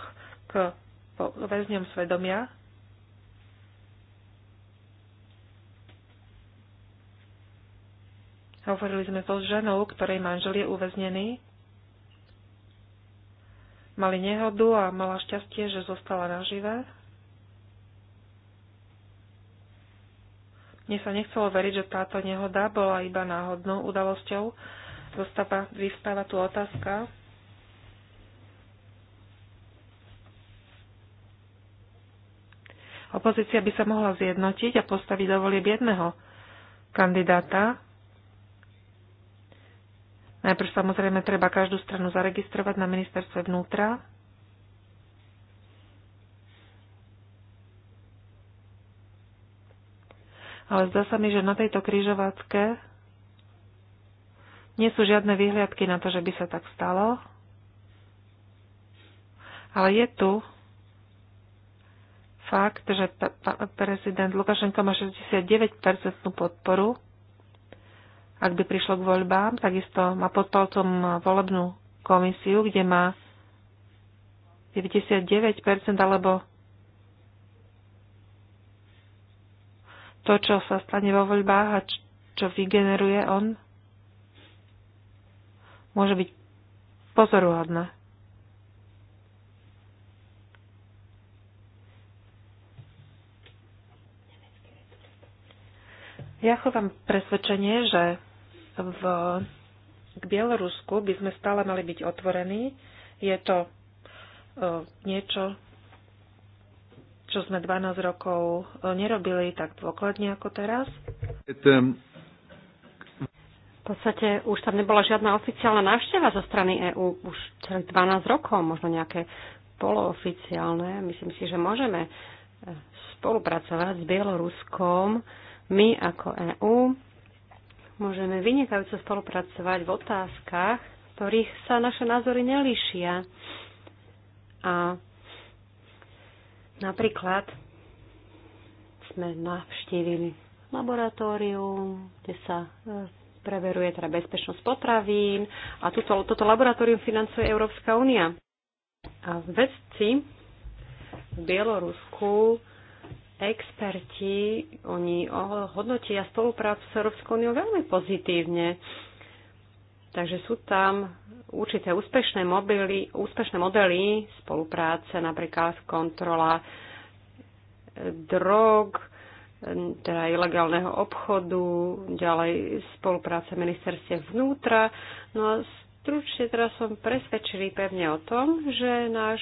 [SPEAKER 2] k väzňom svedomia, Hovorili sme so ženou, ktorej manžel je uväznený. Mali nehodu a mala šťastie, že zostala nažive. Mne sa nechcelo veriť, že táto nehoda bola iba náhodnou udalosťou. Zostáva, vystáva tu otázka, Opozícia by sa mohla zjednotiť a postaviť do volieb jedného kandidáta, Najprv samozrejme treba každú stranu zaregistrovať na ministerstve vnútra. Ale zdá sa mi, že na tejto kryžovatke nie sú žiadne výhliadky na to, že by sa tak stalo. Ale je tu fakt, že prezident Lukašenko má 69% podporu ak by prišlo k voľbám. Takisto má pod palcom volebnú komisiu, kde má 99% alebo to, čo sa stane vo voľbách a čo vygeneruje on, môže byť pozoruhodné. Ja chovám presvedčenie, že v, k Bielorusku by sme stále mali byť otvorení. Je to uh, niečo, čo sme 12 rokov e, nerobili tak dôkladne ako teraz.
[SPEAKER 1] V podstate už tam nebola žiadna oficiálna návšteva zo strany EÚ už celých 12 rokov, možno nejaké polooficiálne. Myslím si, že môžeme e, spolupracovať s Bieloruskom my ako EÚ Môžeme vynikajúco spolupracovať v otázkach, v ktorých sa naše názory nelíšia. A napríklad sme navštívili laboratórium, kde sa e, preveruje teda bezpečnosť potravín a tuto, toto laboratórium financuje Európska únia. A vedci v Bielorusku experti, oni hodnotia spoluprácu s Európskou úniou veľmi pozitívne. Takže sú tam určité úspešné, mobily, úspešné modely spolupráce, napríklad kontrola e, drog, teda ilegálneho obchodu, ďalej spolupráce ministerstie vnútra. No a stručne teraz som presvedčili pevne o tom, že náš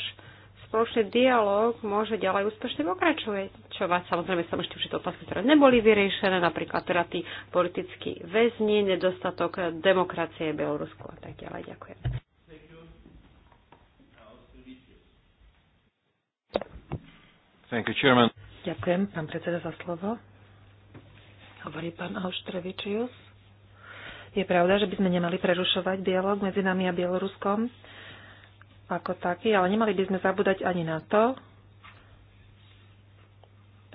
[SPEAKER 1] spoločný dialog môže ďalej úspešne pokračovať. Samozrejme som ešte všetko otázky, ktoré neboli vyriešené, napríklad teda tí politickí väzni, nedostatok demokracie v Bielorusku a tak ďalej. Ďakujem.
[SPEAKER 2] Thank you, chairman. Ďakujem, pán predseda, za slovo. Hovorí pán Auštrevičius. Je pravda, že by sme nemali prerušovať dialog medzi nami a Bieloruskom ako taký, ale nemali by sme zabúdať ani na to,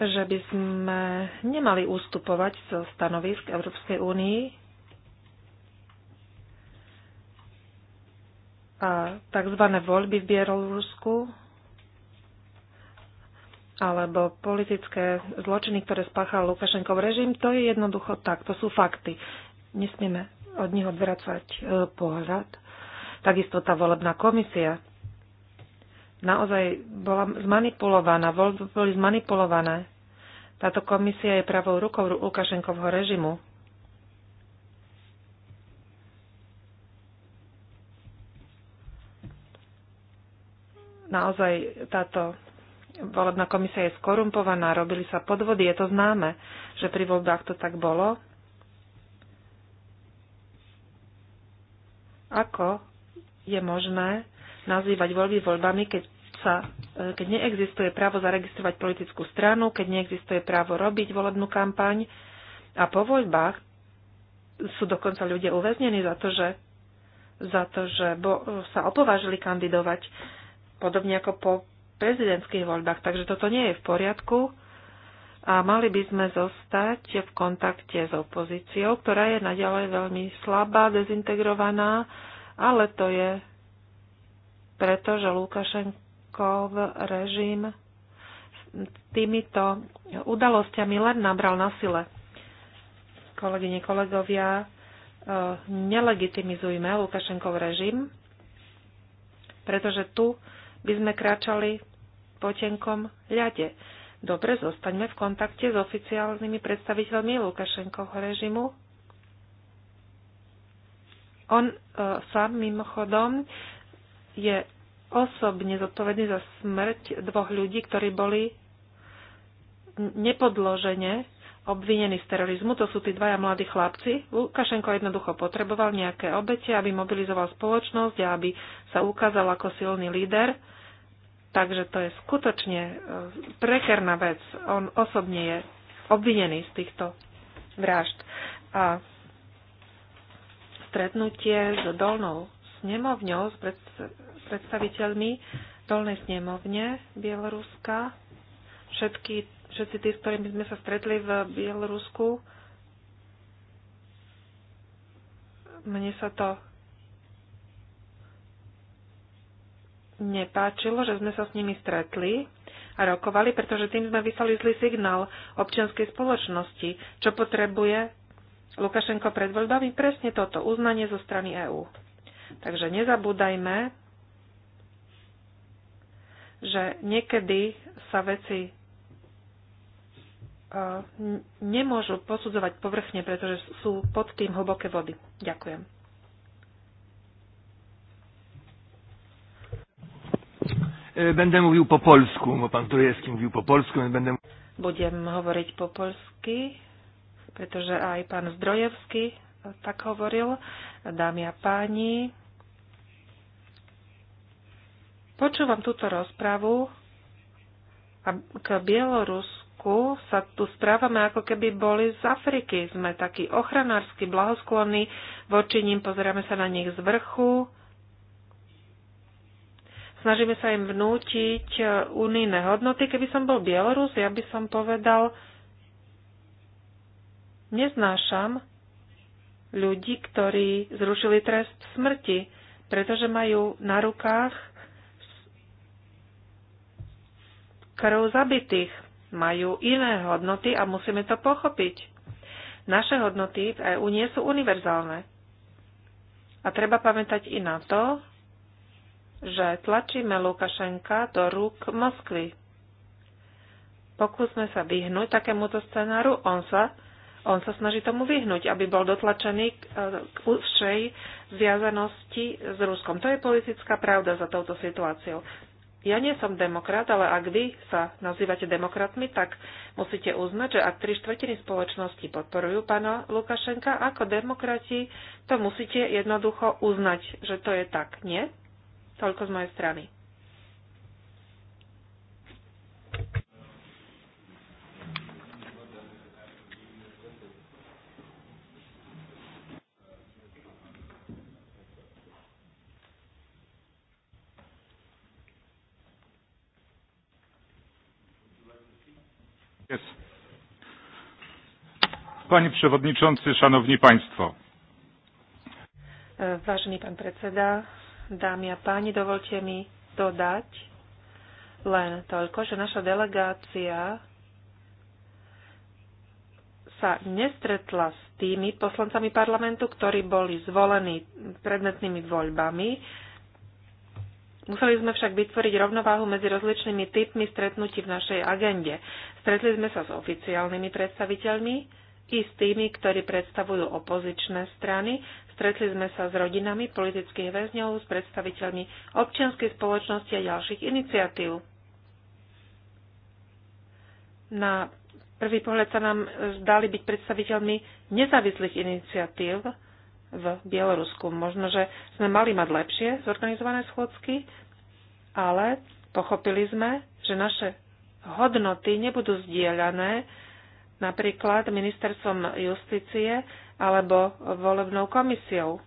[SPEAKER 2] že by sme nemali ústupovať zo stanovisk Európskej únii a tzv. voľby v Bielorusku alebo politické zločiny, ktoré spáchal Lukašenkov režim, to je jednoducho tak, to sú fakty. Nesmieme od nich odvracať e, pohľad. Takisto tá volebná komisia naozaj bola zmanipulovaná, voľby boli zmanipulované. Táto komisia je pravou rukou Lukašenkovho režimu. Naozaj táto volebná komisia je skorumpovaná, robili sa podvody, je to známe, že pri voľbách to tak bolo. Ako je možné nazývať voľby voľbami, keď, sa, e, keď neexistuje právo zaregistrovať politickú stranu, keď neexistuje právo robiť volebnú kampaň a po voľbách sú dokonca ľudia uväznení za to, že, za to, že bo, sa opovážili kandidovať, podobne ako po prezidentských voľbách. Takže toto nie je v poriadku a mali by sme zostať v kontakte s opozíciou, ktorá je naďalej veľmi slabá, dezintegrovaná ale to je preto, že Lukašenkov režim týmito udalosťami len nabral na sile. Kolegyne, kolegovia, e, nelegitimizujme Lukašenkov režim, pretože tu by sme kráčali po tenkom ľade. Dobre, zostaňme v kontakte s oficiálnymi predstaviteľmi Lukašenkovho režimu on e, sám mimochodom je osobne zodpovedný za smrť dvoch ľudí, ktorí boli nepodložene obvinení z terorizmu. To sú tí dvaja mladí chlapci. Lukašenko jednoducho potreboval nejaké obete, aby mobilizoval spoločnosť a aby sa ukázal ako silný líder. Takže to je skutočne e, prekerná vec. On osobne je obvinený z týchto vražd. A stretnutie s dolnou snemovňou, s predstaviteľmi dolnej snemovne Bieloruska. Všetky, všetci tí, s ktorými sme sa stretli v Bielorusku, mne sa to nepáčilo, že sme sa s nimi stretli a rokovali, pretože tým sme vyslali zlý signál občianskej spoločnosti, čo potrebuje Lukašenko pred voľbami presne toto, uznanie zo strany EÚ. Takže nezabúdajme, že niekedy sa veci e, nemôžu posudzovať povrchne, pretože sú pod tým hlboké vody. Ďakujem.
[SPEAKER 4] E, będę mówił po polsku, bo pan Turejewski mówił po polsku, będę...
[SPEAKER 2] Budem hovoriť po polsky pretože aj pán Zdrojevský e, tak hovoril, dámy a páni. Počúvam túto rozpravu a k Bielorusku sa tu správame, ako keby boli z Afriky. Sme takí ochranársky blahosklonní, voči ním pozeráme sa na nich z vrchu, snažíme sa im vnútiť e, unijné hodnoty. Keby som bol Bielorus, ja by som povedal, Neznášam ľudí, ktorí zrušili trest smrti, pretože majú na rukách krv zabitých. Majú iné hodnoty a musíme to pochopiť. Naše hodnoty v EÚ nie sú univerzálne. A treba pamätať i na to, že tlačíme Lukašenka do rúk Moskvy. Pokúsme sa vyhnúť takémuto scenáru, on sa on sa snaží tomu vyhnúť, aby bol dotlačený k všej e, zviazanosti s Ruskom. To je politická pravda za touto situáciou. Ja nie som demokrat, ale ak vy sa nazývate demokratmi, tak musíte uznať, že ak tri štvrtiny spoločnosti podporujú pána Lukašenka, ako demokrati to musíte jednoducho uznať, že to je tak. Nie? Toľko z mojej strany.
[SPEAKER 3] Panie przewodniczący, szanowni państwo.
[SPEAKER 2] E, vážený pán predseda, dámy a páni, dovolte mi dodať len toľko, že naša delegácia sa nestretla s tými poslancami parlamentu, ktorí boli zvolení predmetnými voľbami, Museli sme však vytvoriť rovnováhu medzi rozličnými typmi stretnutí v našej agende. Stretli sme sa s oficiálnymi predstaviteľmi i s tými, ktorí predstavujú opozičné strany. Stretli sme sa s rodinami politických väzňov, s predstaviteľmi občianskej spoločnosti a ďalších iniciatív. Na prvý pohľad sa nám zdali byť predstaviteľmi nezávislých iniciatív, v Bielorusku. Možno, že sme mali mať lepšie zorganizované schôdzky, ale pochopili sme, že naše hodnoty nebudú zdieľané napríklad ministerstvom justície alebo volebnou komisiou.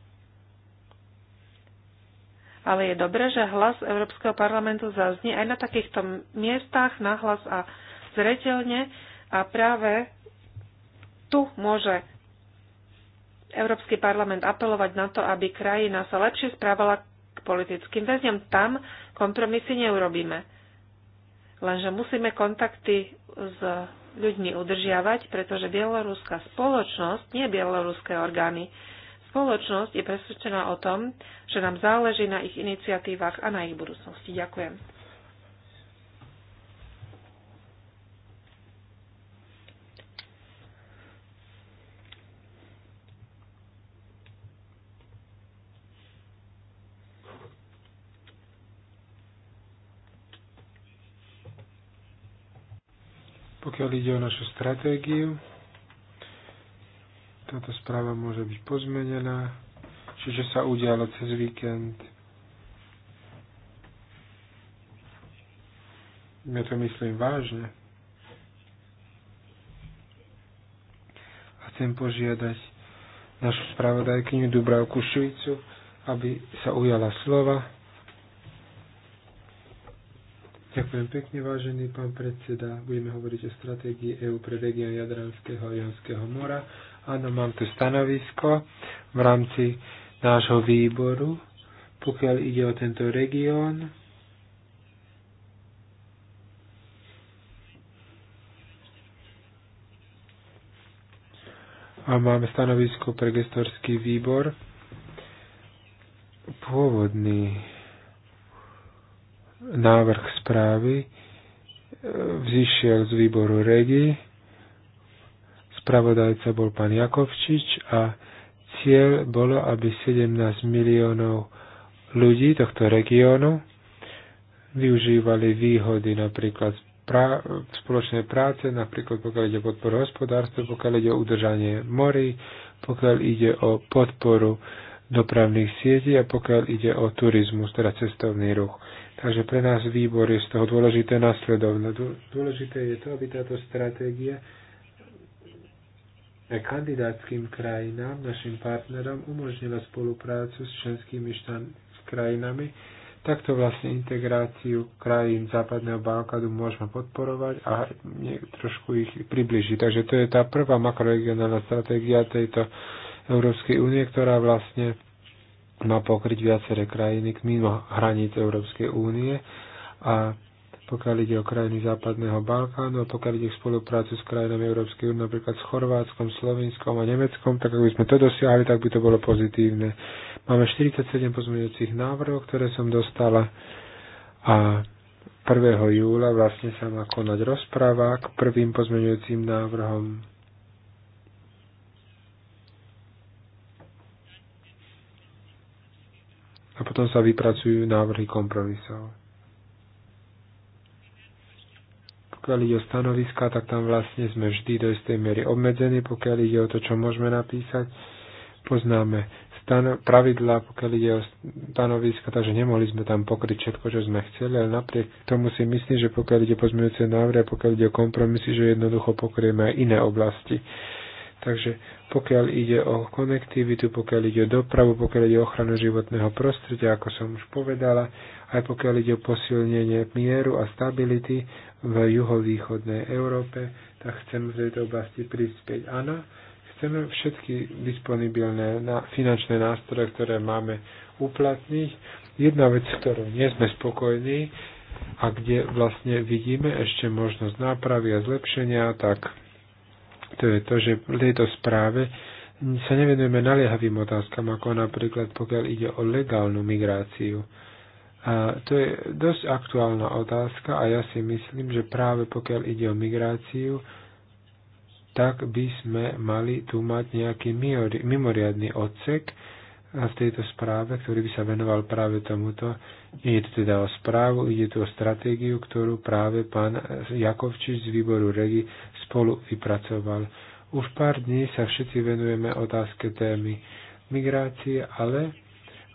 [SPEAKER 2] Ale je dobré, že hlas Európskeho parlamentu zaznie aj na takýchto miestach, nahlas a zreteľne a práve tu môže Európsky parlament apelovať na to, aby krajina sa lepšie správala k politickým väzňom. Tam kompromisy neurobíme. Lenže musíme kontakty s ľuďmi udržiavať, pretože bieloruská spoločnosť, nie bieloruské orgány, spoločnosť je presvedčená o tom, že nám záleží na ich iniciatívach a na ich budúcnosti. Ďakujem.
[SPEAKER 3] Pokiaľ ide o našu stratégiu, táto správa môže byť pozmenená, čiže sa udialo cez víkend. Ja to myslím vážne. A chcem požiadať našu spravodajkyňu Dubravku Švicu, aby sa ujala slova Ďakujem pekne, vážený pán predseda. Budeme hovoriť o stratégii EÚ pre región Jadranského a Jonského mora. Áno, mám tu stanovisko v rámci nášho výboru, pokiaľ ide o tento región. A mám stanovisko pre gestorský výbor. Pôvodný návrh správy e, vzýšiel z výboru REGI, spravodajca bol pán Jakovčič a cieľ bolo, aby 17 miliónov ľudí tohto regiónu využívali výhody napríklad prá- spoločnej práce, napríklad pokiaľ ide o podporu hospodárstva, pokiaľ ide o udržanie morí, pokiaľ ide o podporu uh, dopravných sietí a pokiaľ ide o turizmus, teda cestovný ruch. Takže pre nás výbor je z toho dôležité nasledovné. Dôležité je to, aby táto stratégia kandidátským krajinám, našim partnerom, umožnila spoluprácu s členskými štán, s krajinami. Takto vlastne integráciu krajín Západného Balkánu môžeme podporovať a trošku ich približiť. Takže to je tá prvá makroregionálna stratégia tejto Európskej únie, ktorá vlastne má pokryť viaceré krajiny mimo hraníc Európskej únie a pokiaľ ide o krajiny Západného Balkánu a pokiaľ ide o spoluprácu s krajinami Európskej únie, napríklad s Chorvátskom, Slovinskom a Nemeckom, tak ak by sme to dosiahli, tak by to bolo pozitívne. Máme 47 pozmeňujúcich návrhov, ktoré som dostala a 1. júla vlastne sa má konať rozpráva k prvým pozmeňujúcim návrhom a potom sa vypracujú návrhy kompromisov. Pokiaľ ide o stanoviska, tak tam vlastne sme vždy do istej miery obmedzení, pokiaľ ide o to, čo môžeme napísať. Poznáme stano- pravidla, pokiaľ ide o stanoviska, takže nemohli sme tam pokryť všetko, čo sme chceli, ale napriek tomu si myslím, že pokiaľ ide pozmeňujúce návrhy a pokiaľ ide o kompromisy, že jednoducho pokrieme aj iné oblasti. Takže pokiaľ ide o konektivitu, pokiaľ ide o dopravu, pokiaľ ide o ochranu životného prostredia, ako som už povedala, aj pokiaľ ide o posilnenie mieru a stability v juhovýchodnej Európe, tak chceme v tejto oblasti prispieť. Áno, chceme všetky disponibilné finančné nástroje, ktoré máme uplatniť. Jedna vec, s ktorou nie sme spokojní a kde vlastne vidíme ešte možnosť nápravy a zlepšenia, tak to je to, že v tejto správe sa nevenujeme naliehavým otázkam, ako napríklad pokiaľ ide o legálnu migráciu. A to je dosť aktuálna otázka a ja si myslím, že práve pokiaľ ide o migráciu, tak by sme mali tu mať nejaký mimoriadný odsek, v tejto správe, ktorý by sa venoval práve tomuto. Nie je to teda o správu, ide tu o stratégiu, ktorú práve pán Jakovčič z výboru REGI spolu vypracoval. Už pár dní sa všetci venujeme otázke témy migrácie, ale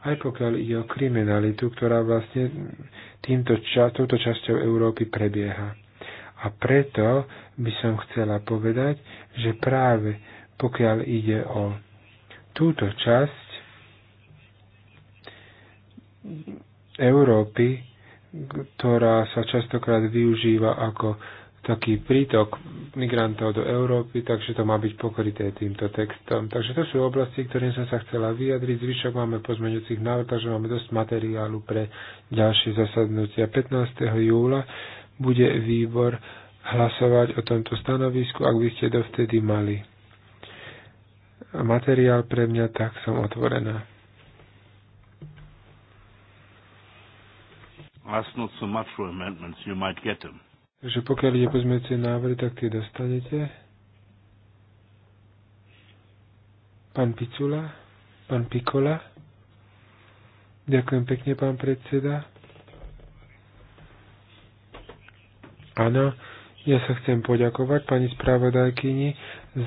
[SPEAKER 3] aj pokiaľ ide o kriminalitu, ktorá vlastne týmto ča- touto časťou Európy prebieha. A preto by som chcela povedať, že práve pokiaľ ide o túto časť, Európy, ktorá sa častokrát využíva ako taký prítok migrantov do Európy, takže to má byť pokryté týmto textom. Takže to sú oblasti, ktorým som sa chcela vyjadriť. Zvyšok máme pozmeňujúcich návrh, takže máme dosť materiálu pre ďalšie zasadnutia. 15. júla bude výbor hlasovať o tomto stanovisku, ak by ste dovtedy mali materiál pre mňa, tak som otvorená.
[SPEAKER 4] ask not so much for amendments, you might get them.
[SPEAKER 3] Takže pokiaľ ide pozmeňujúce návrhy, tak tie dostanete. Pán Picula, pán Pikola. Ďakujem pekne, pán predseda. Áno, ja sa chcem poďakovať pani správodajkyni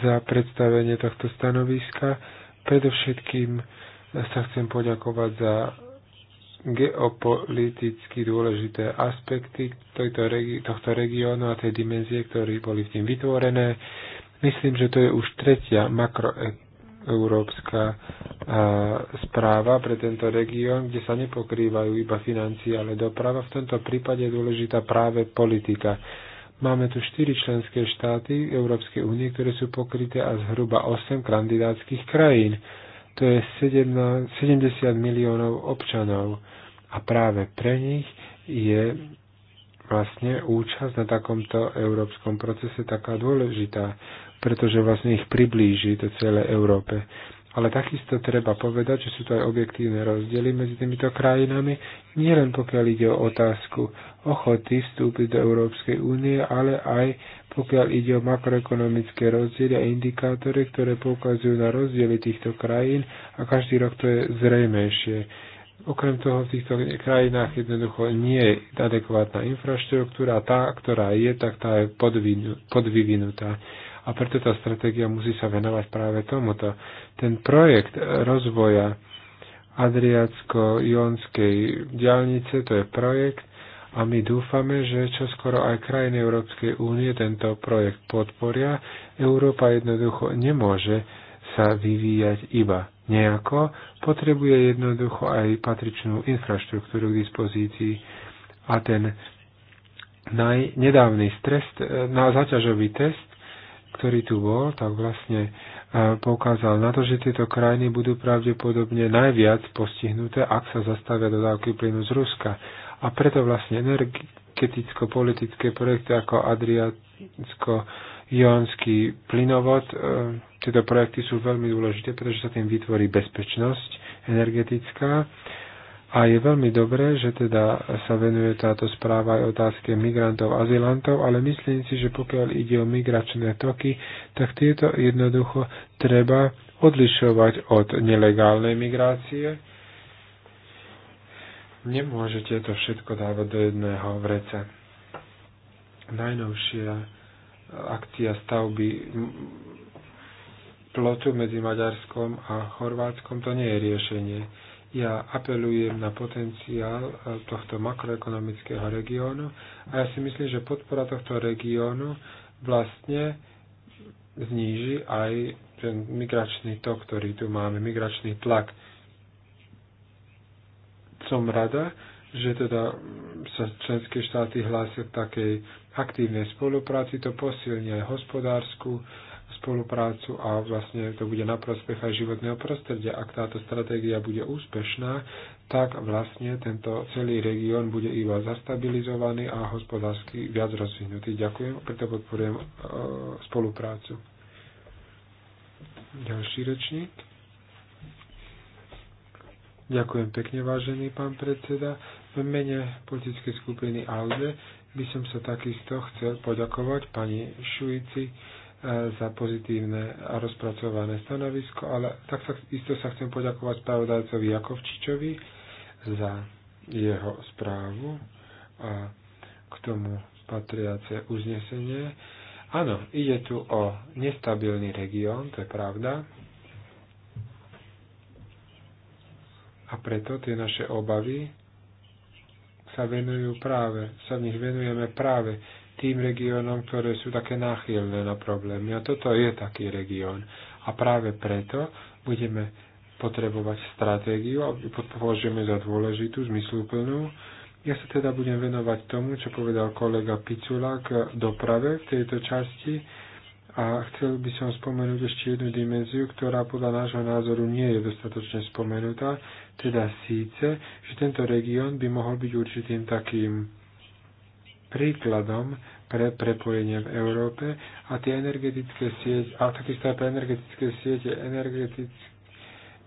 [SPEAKER 3] za predstavenie tohto stanoviska. Predovšetkým sa chcem poďakovať za geopoliticky dôležité aspekty tohto, regi- tohto regiónu a tej dimenzie, ktoré boli v tým vytvorené. Myslím, že to je už tretia makroeurópska správa pre tento región, kde sa nepokrývajú iba financie, ale doprava. V tomto prípade je dôležitá práve politika. Máme tu štyri členské štáty Európskej únie, ktoré sú pokryté a zhruba 8 kandidátskych krajín to je 70 miliónov občanov a práve pre nich je vlastne účasť na takomto európskom procese taká dôležitá, pretože vlastne ich priblíži do celé Európe. Ale takisto treba povedať, že sú to aj objektívne rozdiely medzi týmito krajinami, nielen pokiaľ ide o otázku ochoty vstúpiť do Európskej únie, ale aj pokiaľ ide o makroekonomické rozdiely a indikátory, ktoré poukazujú na rozdiely týchto krajín a každý rok to je zrejmejšie. Okrem toho v týchto krajinách jednoducho nie je adekvátna infraštruktúra, tá, ktorá je, tak tá je podvyvinutá. A preto tá stratégia musí sa venovať práve tomuto. Ten projekt rozvoja Adriatsko-Jonskej diálnice, to je projekt, a my dúfame, že čo skoro aj krajiny Európskej únie tento projekt podporia. Európa jednoducho nemôže sa vyvíjať iba nejako, potrebuje jednoducho aj patričnú infraštruktúru k dispozícii a ten najnedávny stres, na zaťažový test, ktorý tu bol, tak vlastne e, poukázal na to, že tieto krajiny budú pravdepodobne najviac postihnuté, ak sa zastavia dodávky plynu z Ruska. A preto vlastne energeticko-politické projekty ako Adriatsko-Jonský plynovod, e, tieto projekty sú veľmi dôležité, pretože sa tým vytvorí bezpečnosť energetická. A je veľmi dobré, že teda sa venuje táto správa aj otázke migrantov, azylantov, ale myslím si, že pokiaľ ide o migračné toky, tak tieto jednoducho treba odlišovať od nelegálnej migrácie, Nemôžete to všetko dávať do jedného vreca. Najnovšia akcia stavby plotu medzi Maďarskom a Chorvátskom to nie je riešenie. Ja apelujem na potenciál tohto makroekonomického regiónu a ja si myslím, že podpora tohto regiónu vlastne zníži aj ten migračný tok, ktorý tu máme, migračný tlak som rada, že teda sa členské štáty hlásia k takej aktívnej spolupráci, to posilní aj hospodárskú spoluprácu a vlastne to bude na prospech aj životného prostredia. Ak táto stratégia bude úspešná, tak vlastne tento celý región bude iba zastabilizovaný a hospodársky viac rozvinutý. Ďakujem, preto podporujem e, spoluprácu. Ďalší rečník. Ďakujem pekne, vážený pán predseda. V mene politickej skupiny ALDE by som sa takisto chcel poďakovať pani Šuici eh, za pozitívne a rozpracované stanovisko, ale tak sa, isto sa chcem poďakovať spravodajcovi Jakovčičovi za jeho správu a k tomu patriace uznesenie. Áno, ide tu o nestabilný región, to je pravda, A preto tie naše obavy sa venujú práve, sa v nich venujeme práve tým regiónom, ktoré sú také náchylné na problémy. A toto je taký región. A práve preto budeme potrebovať stratégiu a považujeme za dôležitú, zmysluplnú. Ja sa teda budem venovať tomu, čo povedal kolega Picula k doprave v tejto časti a chcel by som spomenúť ešte jednu dimenziu, ktorá podľa nášho názoru nie je dostatočne spomenutá teda síce, že tento región by mohol byť určitým takým príkladom pre prepojenie v Európe a tie energetické siete, a takisto teda aj pre energetické siete, energetické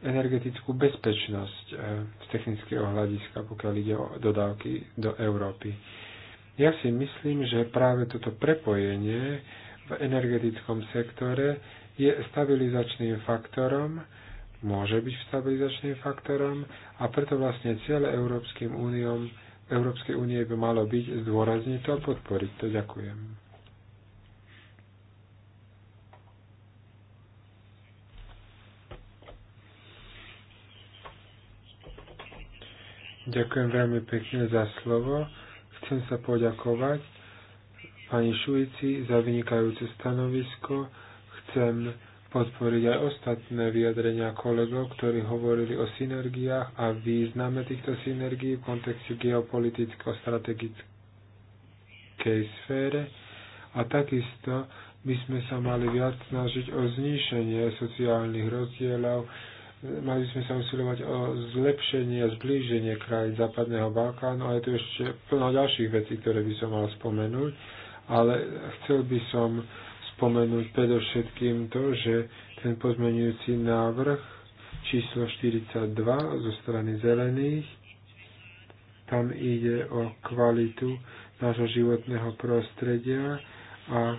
[SPEAKER 3] energetickú bezpečnosť e, z technického hľadiska, pokiaľ ide o dodávky do Európy. Ja si myslím, že práve toto prepojenie v energetickom sektore je stabilizačným faktorom môže byť stabilizačným faktorom a preto vlastne cieľ Európskym úniom, Európskej únie by malo byť zdôrazniť to a podporiť to. Ďakujem. Ďakujem veľmi pekne za slovo. Chcem sa poďakovať pani Šujci za vynikajúce stanovisko. Chcem podporiť aj ostatné vyjadrenia kolegov, ktorí hovorili o synergiách a význame týchto synergií v kontexte geopoliticko-strategickej sfére a takisto by sme sa mali viac snažiť o znišenie sociálnych rozdielov, mali by sme sa usilovať o zlepšenie a zblíženie krajín Západného Balkánu a je tu ešte plno ďalších vecí, ktoré by som mal spomenúť, ale chcel by som spomenúť predovšetkým to, že ten pozmenujúci návrh číslo 42 zo strany zelených, tam ide o kvalitu nášho životného prostredia a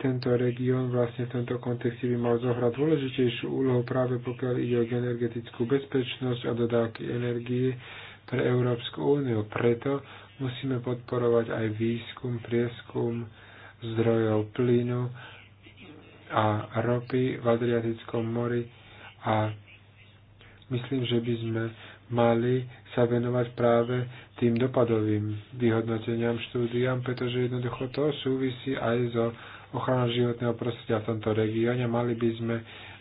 [SPEAKER 3] tento región vlastne v tomto kontexte by mal zohrať dôležitejšiu úlohu práve pokiaľ ide o energetickú bezpečnosť a dodávky energie pre Európsku úniu. Preto musíme podporovať aj výskum, prieskum zdrojov plynu a ropy v Adriatickom mori a myslím, že by sme mali sa venovať práve tým dopadovým vyhodnoteniam, štúdiam, pretože jednoducho to súvisí aj so ochranou životného prostredia v tomto regióne. Mali by sme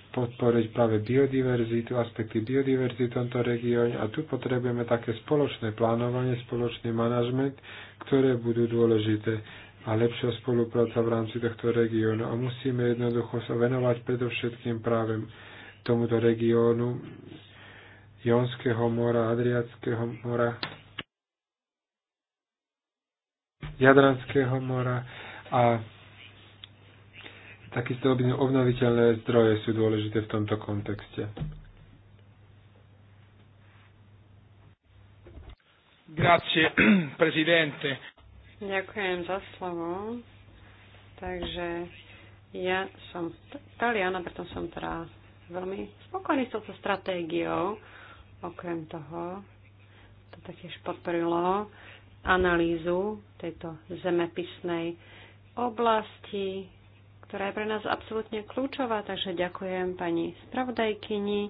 [SPEAKER 3] podporiť práve biodiverzitu, aspekty biodiverzity v tomto regióne a tu potrebujeme také spoločné plánovanie, spoločný manažment, ktoré budú dôležité a lepšia spolupráca v rámci tohto regiónu. A musíme jednoducho sa venovať predovšetkým práve tomuto regiónu Jonského mora, Adriatského mora, Jadranského mora a takisto obnoviteľné zdroje sú dôležité v tomto kontexte. Grazie, Presidente.
[SPEAKER 1] Ďakujem za slovo. Takže ja som Taliana, preto som teda veľmi spokojný s touto stratégiou. Okrem toho, to taktiež podporilo analýzu tejto zemepisnej oblasti, ktorá je pre nás absolútne kľúčová, takže ďakujem pani spravodajkyni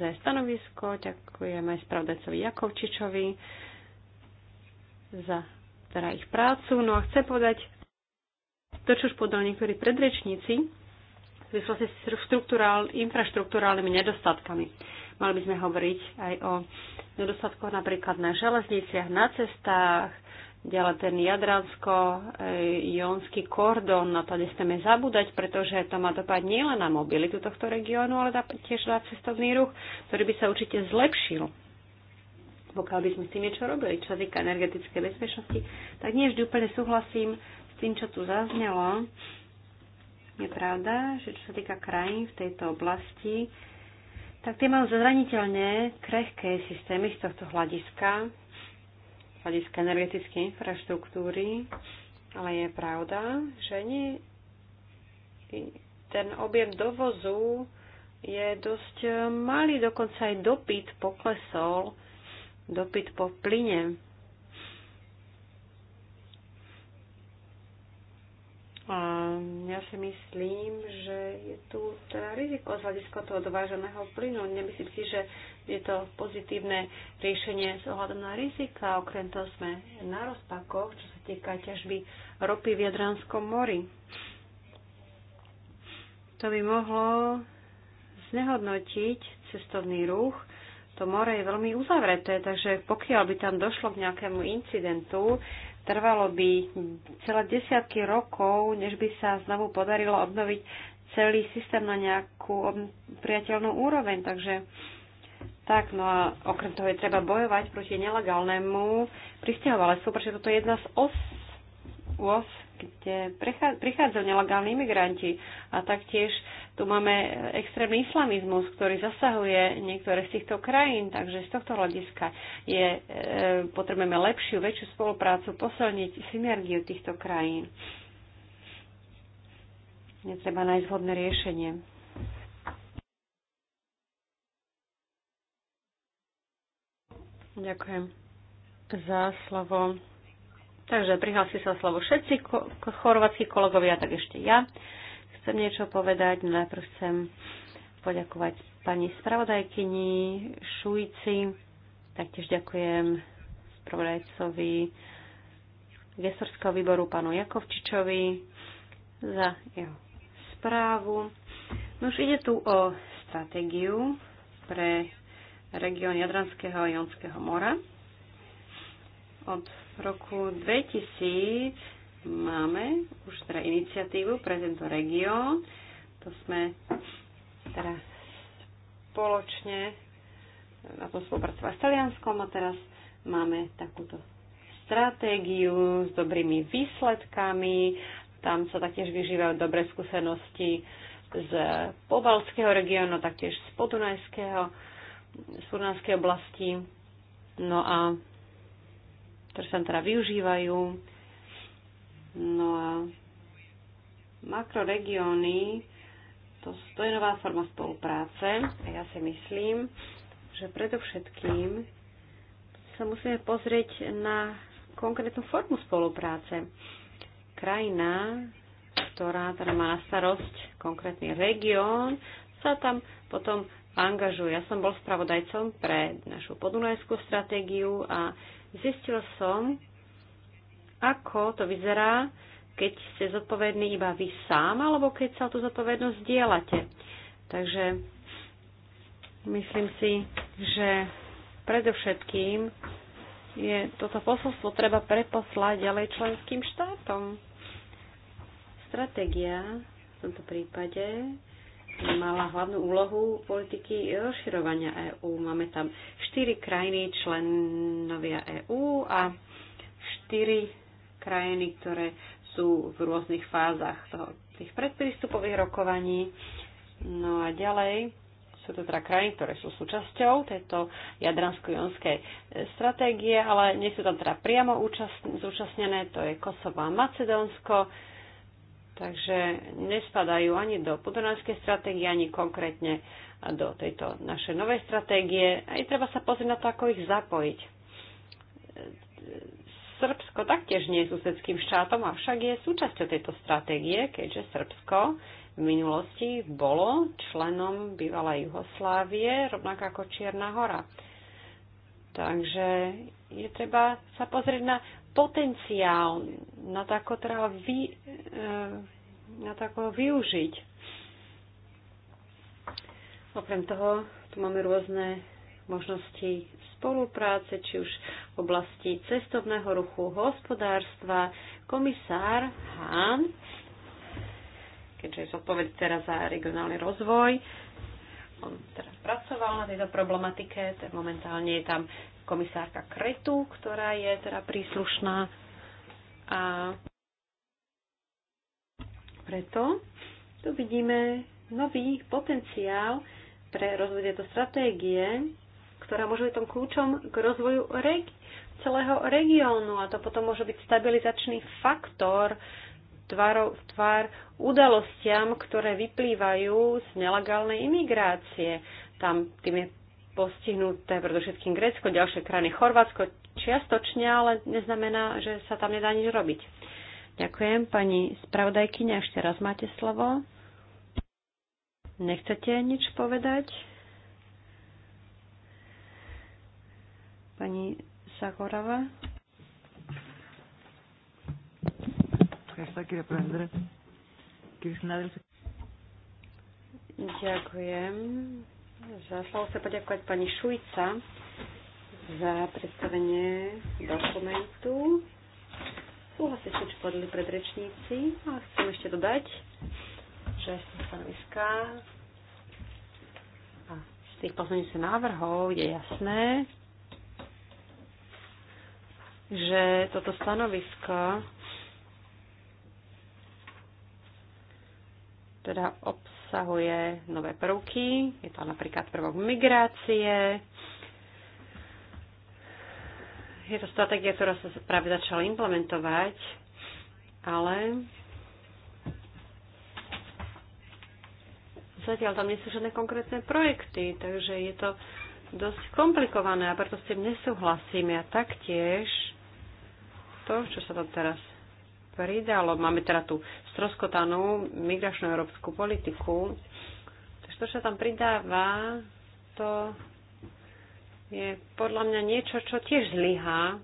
[SPEAKER 1] za jej stanovisko, ďakujem aj spravodajcovi Jakovčičovi za teda ich prácu. No a chcem povedať to, čo už podali niektorí predrečníci, v súvislosti s infraštruktúrálnymi nedostatkami. Mali by sme hovoriť aj o nedostatkoch napríklad na železniciach, na cestách, ďalej ten jadransko-jonský kordon, na to nesmieme zabúdať, pretože to má dopad nielen na mobilitu tohto regiónu, ale tiež na cestovný ruch, ktorý by sa určite zlepšil pokiaľ by sme s tým niečo robili, čo sa týka energetickej bezpečnosti, tak nie vždy úplne súhlasím s tým, čo tu zaznelo. Je pravda, že čo sa týka krajín v tejto oblasti, tak tie majú zraniteľne krehké systémy z tohto hľadiska, hľadiska energetickej infraštruktúry, ale je pravda, že nie, ten objem dovozu je dosť malý, dokonca aj dopyt poklesol dopyt po plyne. A ja si myslím, že je tu teda riziko z hľadiska toho dováženého plynu. Nemyslím si, že je to pozitívne riešenie s ohľadom na rizika. Okrem toho sme na rozpakoch, čo sa týka ťažby ropy v Jadranskom mori. To by mohlo znehodnotiť cestovný ruch to more je veľmi uzavreté, takže pokiaľ by tam došlo k nejakému incidentu, trvalo by celé desiatky rokov, než by sa znovu podarilo obnoviť celý systém na nejakú priateľnú úroveň. Takže tak, no a okrem toho je treba bojovať proti nelegálnemu sú, pretože toto je jedna z os, os kde prichádzajú nelegálni imigranti a taktiež tu máme extrémny islamizmus, ktorý zasahuje niektoré z týchto krajín, takže z tohto hľadiska je, e, potrebujeme lepšiu, väčšiu spoluprácu, posilniť synergiu týchto krajín. Netreba nájsť vhodné riešenie. Ďakujem za slovo. Takže prihlási sa slovo všetci ko- chorvátsky kolegovia, tak ešte ja chcem niečo povedať. Najprv chcem poďakovať pani spravodajkyni Šujci. Taktiež ďakujem spravodajcovi gestorského výboru panu Jakovčičovi za jeho správu. No už ide tu o stratégiu pre región Jadranského a Jonského mora. Od roku 2000 máme už teda iniciatívu pre tento región. To sme teda spoločne na tom spolupracovali s Talianskom a teraz máme takúto stratégiu s dobrými výsledkami. Tam sa taktiež vyžívajú dobre skúsenosti z pobalského regiónu, taktiež z podunajského, z podunajskej oblasti. No a ktoré sa teda využívajú No a makroregióny, to, to je nová forma spolupráce a ja si myslím, že predovšetkým sa musíme pozrieť na konkrétnu formu spolupráce. Krajina, ktorá teda má na starosť konkrétny región, sa tam potom angažuje. Ja som bol spravodajcom pre našu podunajskú stratégiu a zistil som, ako to vyzerá, keď ste zodpovední iba vy sám, alebo keď sa tú zodpovednosť dielate. Takže myslím si, že predovšetkým je toto posolstvo treba preposlať ďalej členským štátom. Stratégia v tomto prípade mala hlavnú úlohu politiky rozširovania EÚ. Máme tam štyri krajiny členovia EÚ a štyri krajiny, ktoré sú v rôznych fázach toho, tých predprístupových rokovaní. No a ďalej sú to teda krajiny, ktoré sú súčasťou tejto jadransko-jonskej e, stratégie, ale nie sú tam teda priamo zúčastnené, to je Kosovo a Macedónsko, takže nespadajú ani do podunajskej stratégie, ani konkrétne do tejto našej novej stratégie. Aj treba sa pozrieť na to, ako ich zapojiť e, Srbsko taktiež nie je susedským štátom, avšak je súčasťou tejto stratégie, keďže Srbsko v minulosti bolo členom bývalej Juhoslávie, rovnako ako Čierna hora. Takže je treba sa pozrieť na potenciál, na to, ako treba vy, eh, na to, ako využiť. Okrem toho, tu máme rôzne možnosti spolupráce, či už v oblasti cestovného ruchu, hospodárstva. Komisár Hahn, keďže je zodpoveď teraz za regionálny rozvoj, on teraz pracoval na tejto problematike, momentálne je tam komisárka Kretu, ktorá je teda príslušná a preto tu vidíme nový potenciál pre rozvoj tejto stratégie ktorá môže byť tom kľúčom k rozvoju regi- celého regiónu a to potom môže byť stabilizačný faktor tvárov v tvár udalostiam, ktoré vyplývajú z nelegálnej imigrácie. Tam tým je postihnuté predovšetkým Grécko, ďalšie krajiny Chorvátsko čiastočne, ale neznamená, že sa tam nedá nič robiť. Ďakujem. Pani spravodajkyňa, ešte raz máte slovo. Nechcete nič povedať? Pani Sakorava. Ďakujem. Za slovo chcem poďakovať pani Šujca za predstavenie dokumentu. Súhlasím s tým, čo predrečníci a chcem ešte dodať, že sú stanoviská a z tých pozmeňujúcich návrhov je jasné, že toto stanovisko teda obsahuje nové prvky. Je to napríklad prvok migrácie. Je to stratégia, ktorá sa práve začala implementovať, ale zatiaľ tam nie sú žiadne konkrétne projekty, takže je to dosť komplikované a preto s tým nesúhlasím. Ja taktiež to, čo sa tam teraz pridalo. Máme teda tú stroskotanú migračnú európsku politiku. Takže to, čo sa tam pridáva, to je podľa mňa niečo, čo tiež zlyhá.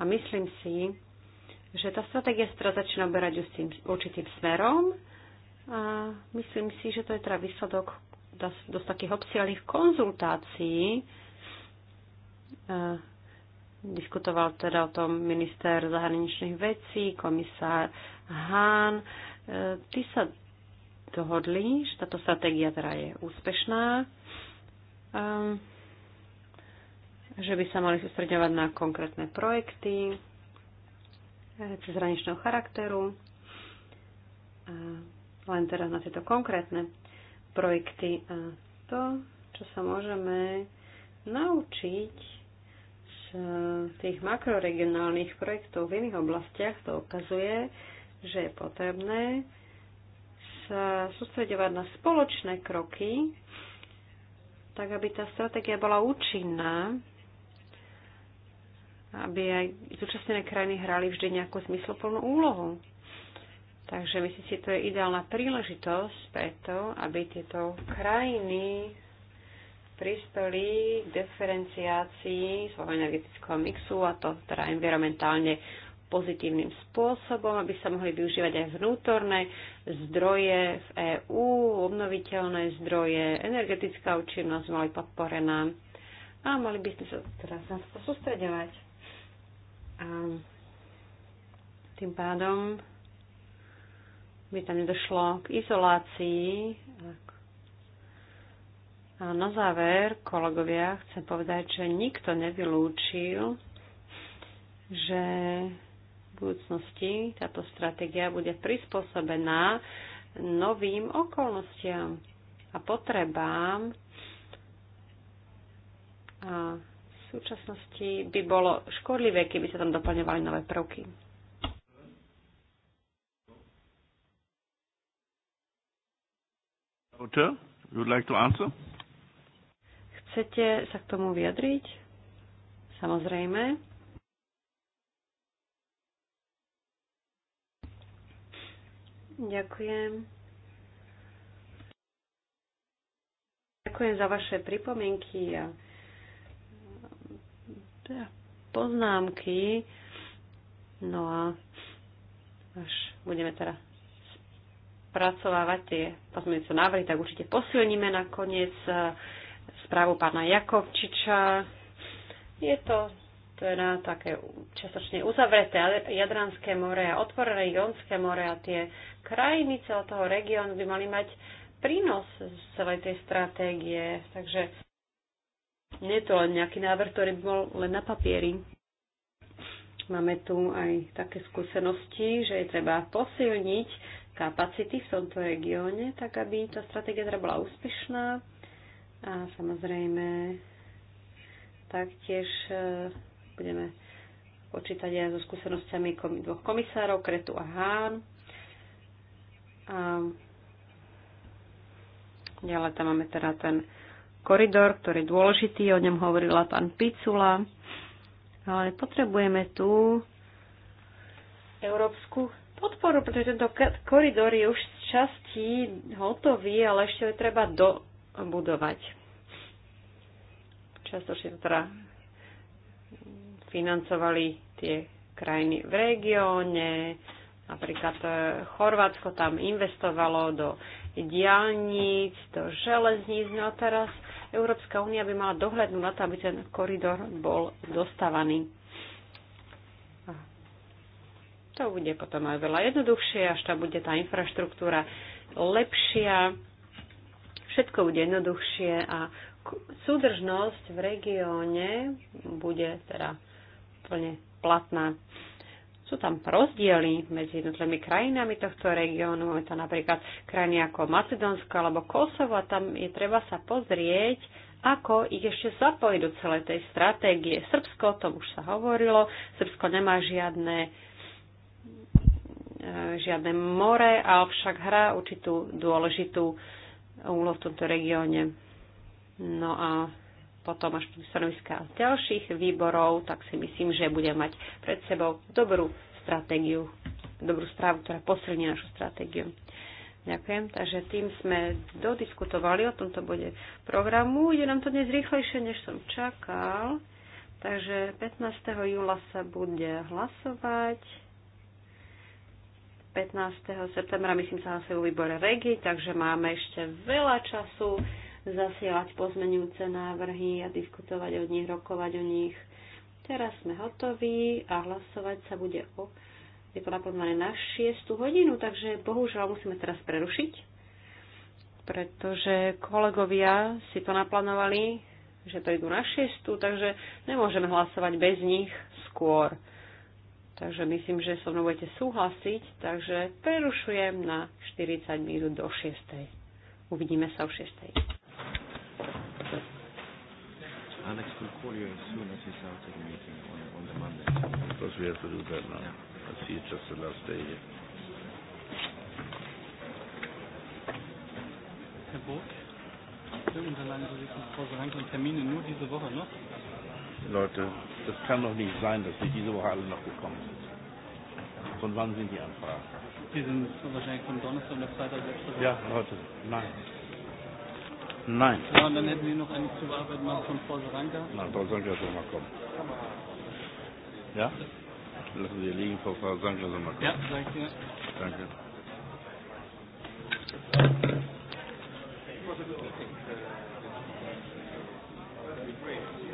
[SPEAKER 1] A myslím si, že tá stratégia sa teraz začína uberať určitým smerom a myslím si, že to je teda výsledok dosť takých obsiahlých konzultácií. E, diskutoval teda o tom minister zahraničných vecí, komisár Hahn. E, Ty sa dohodli, že táto stratégia teda je úspešná, že by sa mali sústredňovať na konkrétne projekty e, cezhraničného charakteru, len teraz na tieto konkrétne projekty. A to, čo sa môžeme naučiť z tých makroregionálnych projektov v iných oblastiach, to ukazuje, že je potrebné sa sústredovať na spoločné kroky, tak aby tá stratégia bola účinná, aby aj zúčastnené krajiny hrali vždy nejakú zmysloplnú úlohu. Takže myslím si, to je ideálna príležitosť preto, aby tieto krajiny prispeli k diferenciácii svojho energetického mixu a to teda environmentálne pozitívnym spôsobom, aby sa mohli využívať aj vnútorné zdroje v EÚ, obnoviteľné zdroje, energetická účinnosť mali podporená a mali by sme sa teraz na to sústredovať. A tým pádom by tam nedošlo k izolácii. A na záver, kolegovia, chcem povedať, že nikto nevylúčil, že v budúcnosti táto stratégia bude prispôsobená novým okolnostiam a potrebám. A v súčasnosti by bolo škodlivé, keby sa tam doplňovali nové prvky.
[SPEAKER 4] you would like to answer?
[SPEAKER 1] Chcete sa k tomu vyjadriť? Samozrejme. Ďakujem. Ďakujem za vaše pripomienky a teda poznámky. No a až budeme teda spracovávať tie pozmeňujúce návrhy, tak určite posilníme nakoniec e, správu pána Jakovčiča. Je to teda také častočne uzavreté Jadranské more a otvorené Jonské more a tie krajiny celého toho regiónu by mali mať prínos z celej tej stratégie. Takže nie je to len nejaký návrh, ktorý by bol len na papieri. Máme tu aj také skúsenosti, že je treba posilniť kapacity v tomto regióne, tak aby tá stratégia teda bola
[SPEAKER 2] úspešná
[SPEAKER 1] a samozrejme taktiež e, budeme počítať aj so skúsenosťami dvoch komisárov, Kretu a Hán. A ďalej tam máme teda ten koridor, ktorý je dôležitý, o ňom hovorila pán Picula. Ale potrebujeme tu európsku podporu, pretože tento koridor je už z časti hotový, ale ešte ho treba dobudovať. Častočne teda financovali tie krajiny v regióne, napríklad e, Chorvátsko tam investovalo do diálnic, do železníc, no a teraz Európska únia by mala dohľadnúť na to, aby ten koridor bol dostávaný to bude potom aj veľa jednoduchšie, až tam bude tá infraštruktúra lepšia, všetko bude jednoduchšie a súdržnosť v regióne bude teda plne platná. Sú tam rozdiely medzi jednotlivými krajinami tohto regiónu. je to napríklad krajiny ako Macedónsko alebo Kosovo a tam je treba sa pozrieť, ako ich ešte zapojiť do celej tej stratégie. Srbsko, to tom už sa hovorilo. Srbsko nemá žiadne E, žiadne more, avšak hrá určitú dôležitú úlohu v tomto regióne. No a potom až stanoviska ďalších výborov, tak si myslím, že bude mať pred sebou dobrú stratégiu, dobrú správu, ktorá posilní našu stratégiu. Ďakujem. Takže tým sme dodiskutovali o tomto bode programu. Ide nám to dnes rýchlejšie, než som čakal. Takže 15. júla sa bude hlasovať. 15. septembra, myslím, sa asi o výbore REGI, takže máme ešte veľa času zasielať pozmenujúce návrhy a diskutovať o nich, rokovať o nich. Teraz sme hotoví a hlasovať sa bude o, je to naplánované na 6 hodinu, takže bohužiaľ musíme teraz prerušiť, pretože kolegovia si to naplánovali, že prídu na 6, takže nemôžeme hlasovať bez nich skôr. Takže myslím, že so mnou budete súhlasiť, takže prerušujem na 40 minút do 6. Uvidíme sa o 6.
[SPEAKER 4] Alex will call you as soon as he's out of the meeting on, on the Monday. Because we have to do that now. Yeah. I see it's just the last day here. Herr Burg, irgendeine lange Sie von Frau Solanke Termine nur diese Woche noch? Leute, das kann doch nicht sein, dass sie diese Woche alle noch gekommen sind. Von wann sind die Anfragen? Die sind wahrscheinlich von Donnerstag und Freitag letzte Woche. Ja, heute. Nein. Nein. Ja, und dann hätten Sie noch eine zu bearbeiten machen von Frau Saranka. Nein, Frau Saranka soll mal kommen. Ja? Lassen Sie liegen, Frau Saranka soll mal kommen. Ja, danke. Danke. Thank you.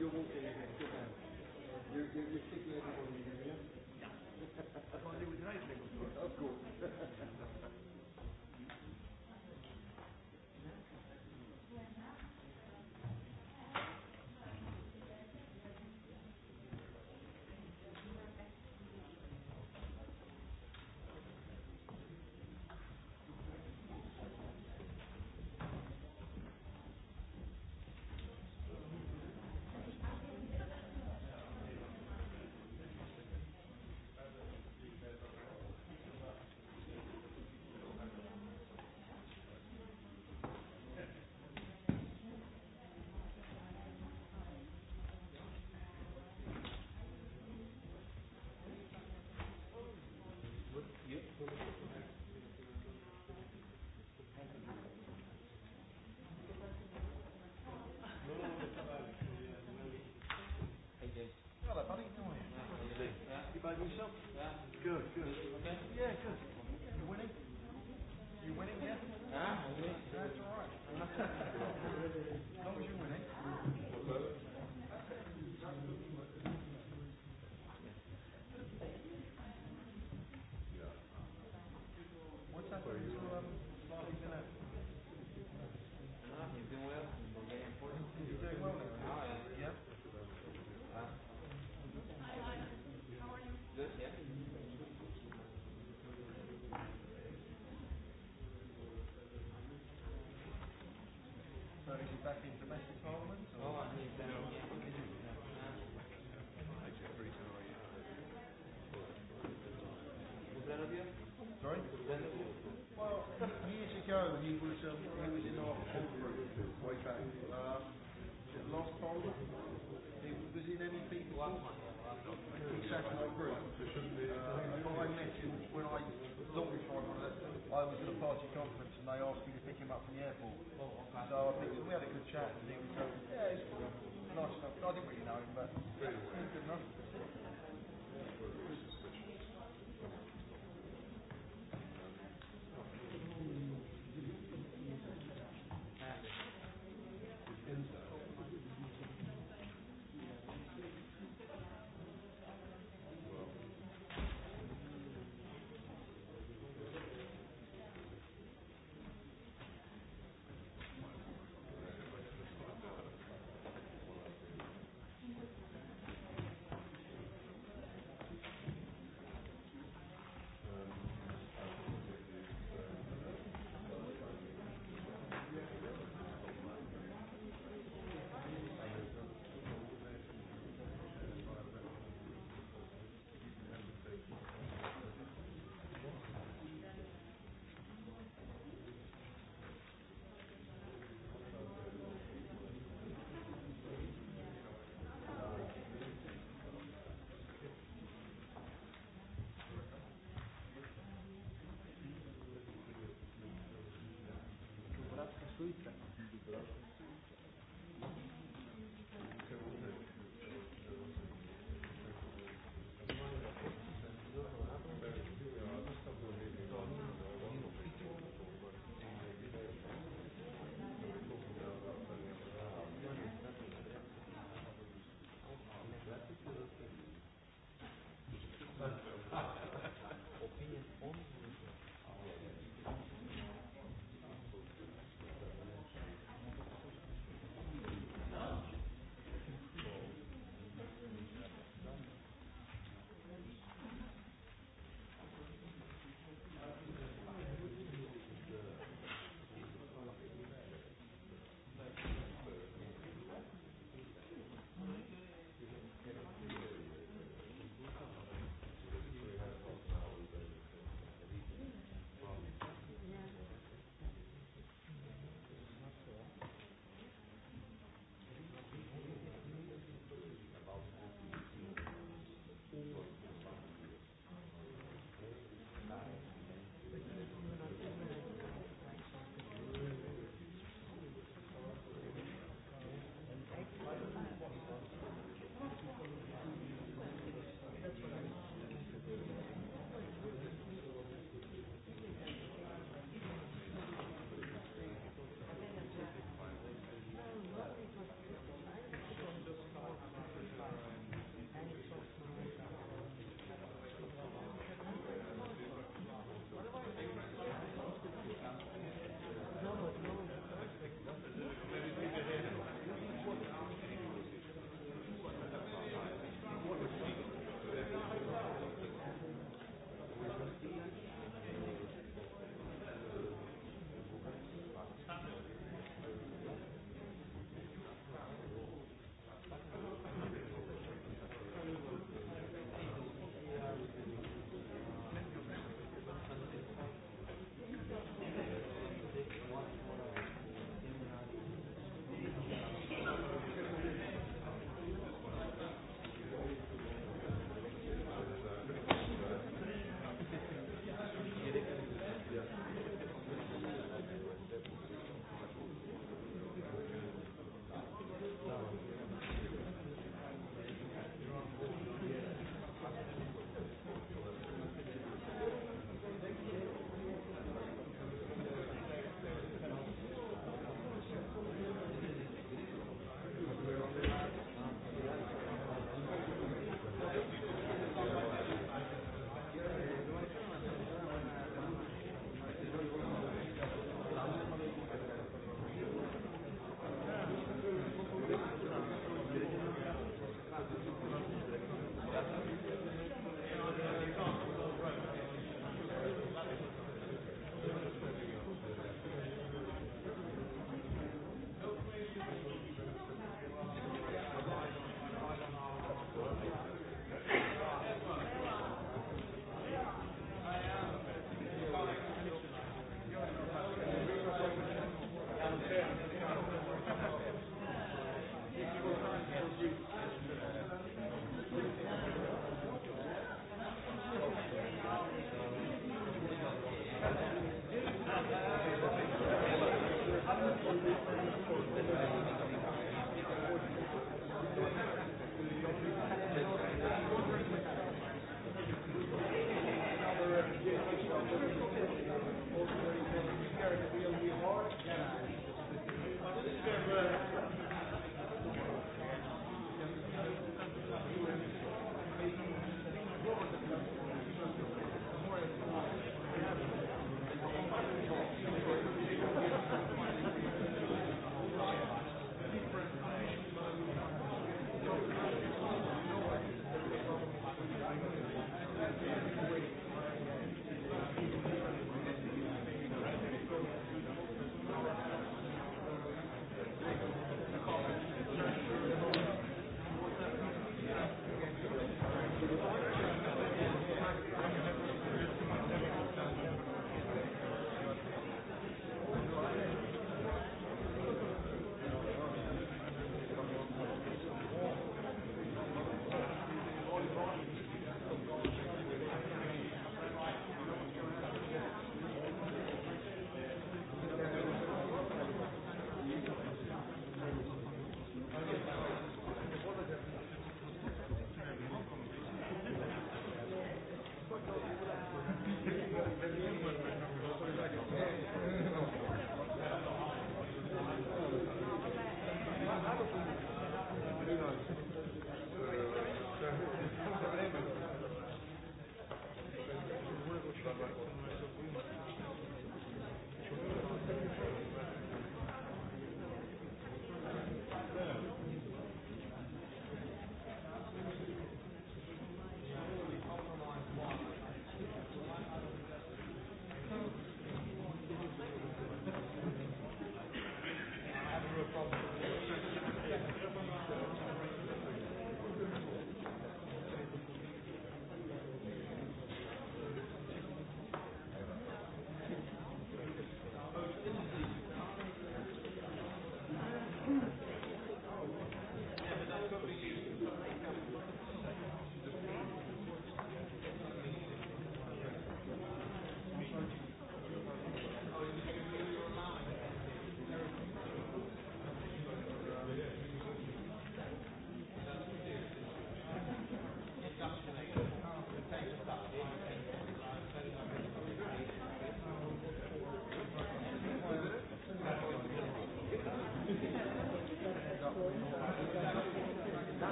[SPEAKER 4] You you on the the Yeah. I right Of course. Satisfied with yourself? Yeah. Good, good. Okay? Yeah, good. You winning? You winning yet? Yeah? Huh? That's all right. as long as you're winning. Čau. Ďakujem.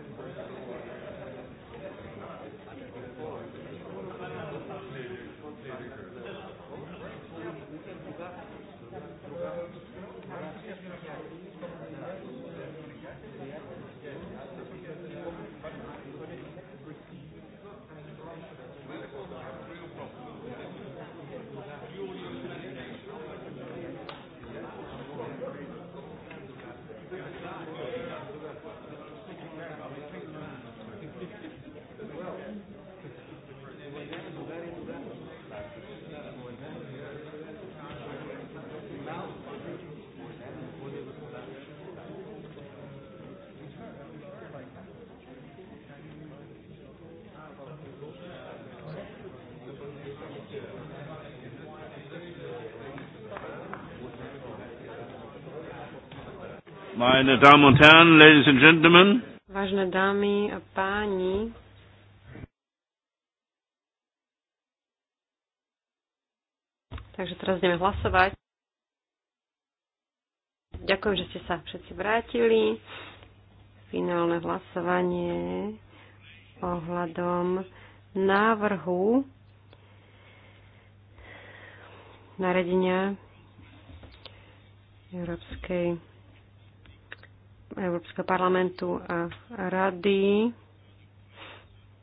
[SPEAKER 4] Gracias. Meine Damen und Herren, Ladies and Gentlemen.
[SPEAKER 1] Vážne dámy a páni, Takže teraz ideme hlasovať. Ďakujem, že ste sa všetci vrátili. Finálne hlasovanie ohľadom návrhu naredenia Európskej Európskeho parlamentu a rady.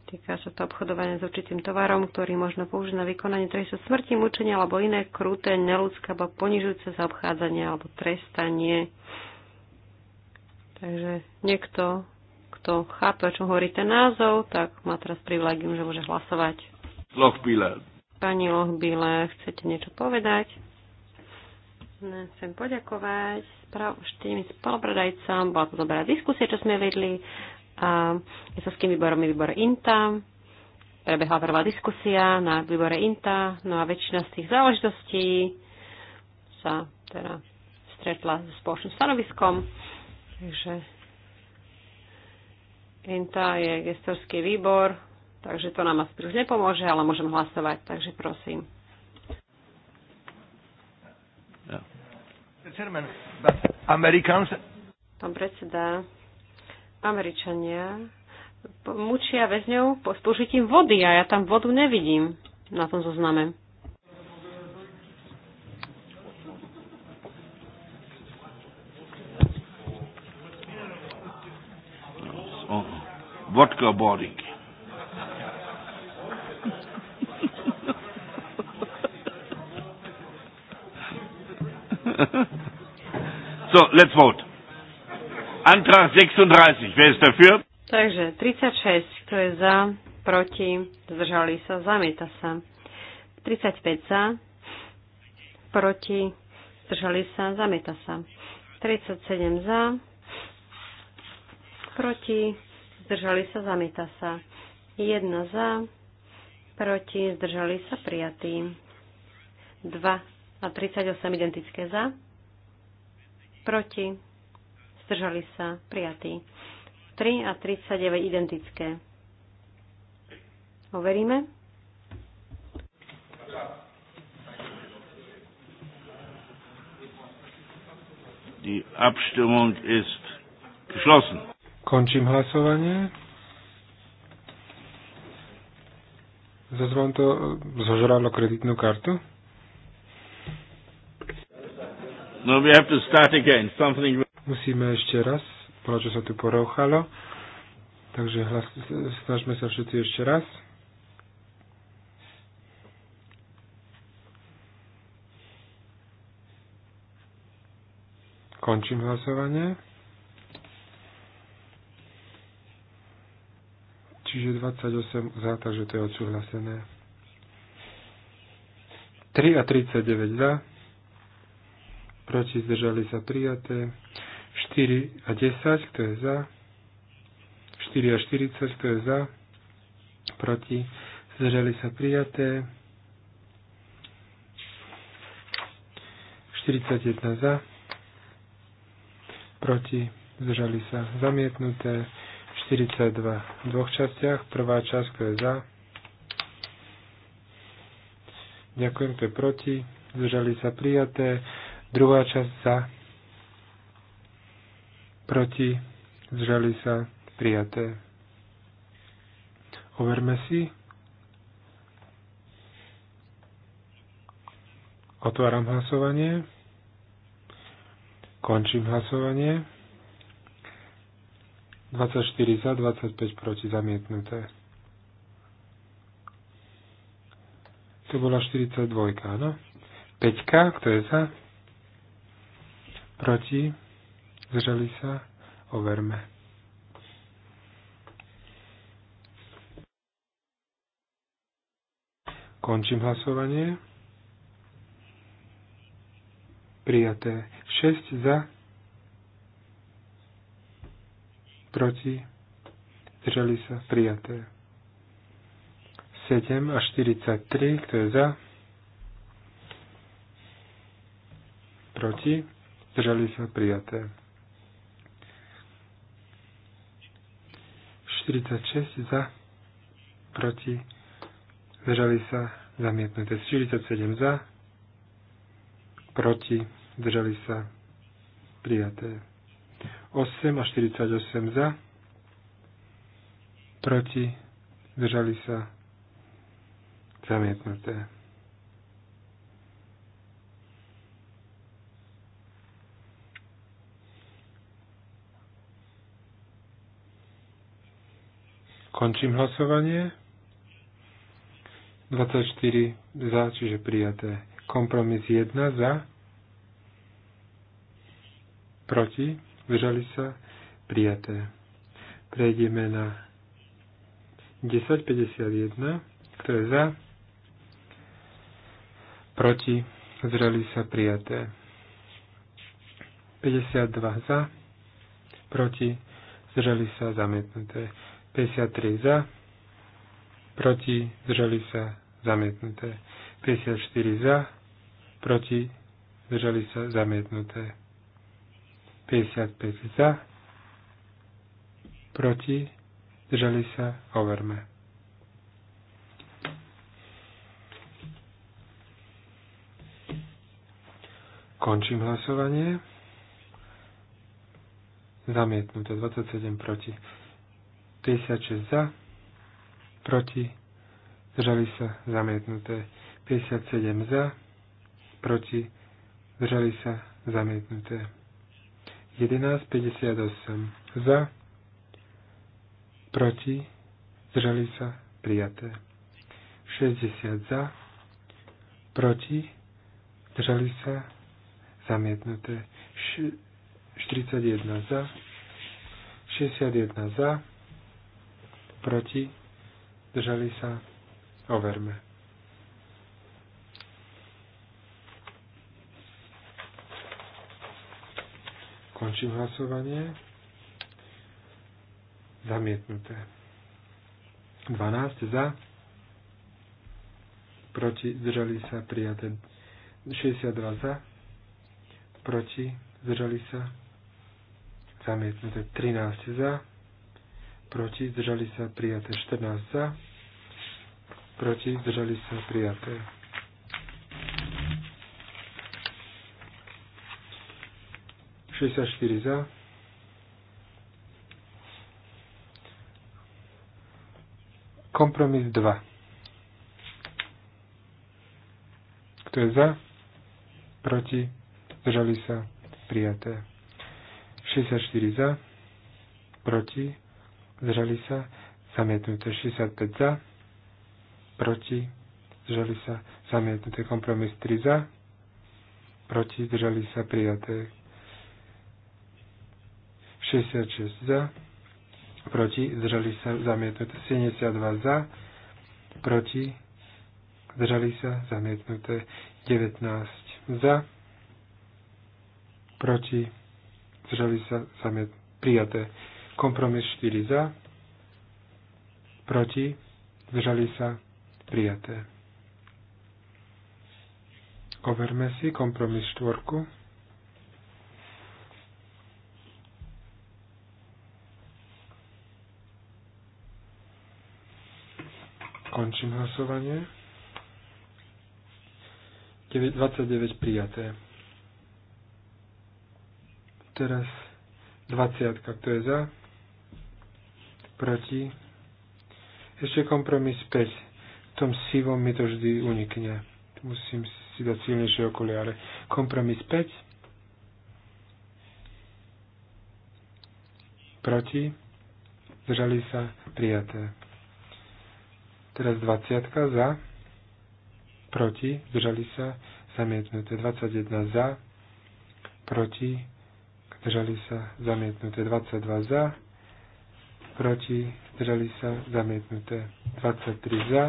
[SPEAKER 1] Týka sa to obchodovania s určitým tovarom, ktorý možno použiť na vykonanie trestu smrti, mučenia alebo iné kruté, neludské alebo ponižujúce zaobchádzanie alebo trestanie. Takže niekto, kto chápe, o čom hovorí ten názov, tak má teraz privilegium, že môže hlasovať. Lochbíler. Pani Lochbíler, chcete niečo povedať? Chcem poďakovať tým spolupredajcom, bola to dobrá diskusia, čo sme vedli. A kým výborom je výbor INTA. Prebehla prvá diskusia na výbore INTA, no a väčšina z tých záležitostí sa teda stretla so spoločným stanoviskom. Takže INTA je gestorský výbor, takže to nám asi príliš nepomôže, ale môžem hlasovať, takže prosím.
[SPEAKER 4] Chairman, but Americans...
[SPEAKER 1] Pán predseda, Američania mučia väzňov s použitím vody a ja tam vodu nevidím na tom zozname.
[SPEAKER 4] Vodka boring. So, let's vote. Antrag 36, wer ist dafür?
[SPEAKER 1] Takže 36, kto je za, proti, zdržali sa, zamieta sa. 35 za, proti, zdržali sa, zamieta sa. 37 za, proti, zdržali sa, zamieta sa. 1 za, proti, zdržali sa, prijatý. 2 a 38 identické za proti, zdržali sa, prijatí. 3 a 39 identické. Overíme.
[SPEAKER 2] Die Abstimmung ist geschlossen.
[SPEAKER 3] Končím hlasovanie. Zazvám to eh, zožralo kreditnú kartu.
[SPEAKER 4] No, we have to start again.
[SPEAKER 3] Something... Musíme ešte raz, prečo sa tu porouchalo. Takže hlas, snažme sa všetci ešte raz. Končím hlasovanie. Čiže 28 za, takže to je odsúhlasené. 3 a 39 za proti zdržali sa prijaté, 4 a 10, kto je za, 4 a 40, kto je za, proti zdržali sa prijaté, 41 za, proti zdržali sa zamietnuté, 42 v dvoch častiach, prvá časť, kto je za, Ďakujem, to je proti. Zdržali sa prijaté. Druhá časť za, proti, zžali sa, prijaté. Overme si. Otváram hlasovanie. Končím hlasovanie. 24 za, 25 proti, zamietnuté. To bola 42, áno? 5, kto je za? proti, zdržali sa, overme. Končím hlasovanie. Prijaté 6 za, proti, zdržali sa, prijaté. 7 a 43, kto je za, proti, zdržali sa prijaté. 46 za, proti, zdržali sa zamietnuté. 47 za, proti, zdržali sa prijaté. 8 a 48 za, proti, zdržali sa zamietnuté. Končím hlasovanie. 24 za, čiže prijaté. Kompromis 1 za. Proti. vyžali sa. Prijaté. Prejdeme na 10.51. Kto je za? Proti. Zreli sa. Prijaté. 52 za. Proti. Zreli sa. Zamietnuté. 53 za, proti, zdržali sa, zamietnuté. 54 za, proti, zdržali sa, zamietnuté. 55 za, proti, zdržali sa, overme. Končím hlasovanie. Zamietnuté 27 proti. 56 za, proti, zdržali sa zamietnuté. 57 za, proti, zdržali sa zamietnuté. 11.58 za, proti, zdržali sa prijaté. 60 za, proti, zdržali sa zamietnuté. 41 za, 61 za, proti, držali sa, overme. Končím hlasovanie. Zamietnuté. 12 za. Proti zdržali sa prijaté 62 za. Proti zdržali sa zamietnuté 13 za proti, zdržali sa prijaté 14 za, proti, zdržali sa prijaté. Šesťdesiat za. Kompromis 2. Kto je za? Proti? Zdržali sa? Prijaté. 64 za? Proti? zdržali sa, zamietnuté 65 za, proti, zdržali sa, zamietnuté kompromis 3 za, proti, zdržali sa, prijaté 66 za, proti, zdržali sa, zamietnuté 72 za, proti, zdržali sa, zamietnuté 19 za, proti, zdržali sa, zamietnuté, prijaté Kompromis 4 za, proti, zdržali sa, prijaté. Overme si kompromis 4. Končím hlasovanie. 29 prijaté. Teraz 20, kto je za? proti. Ešte kompromis 5. V tom sivom mi to vždy unikne. Musím si dať silnejšie okuliare. Kompromis 5. Proti. Zdržali sa prijaté. Teraz 20 za. Proti. Zdržali sa zamietnuté. 21 za. Proti. Zdržali sa zamietnuté. 22 za proti, zdrali sa, zamietnuté. 23 za,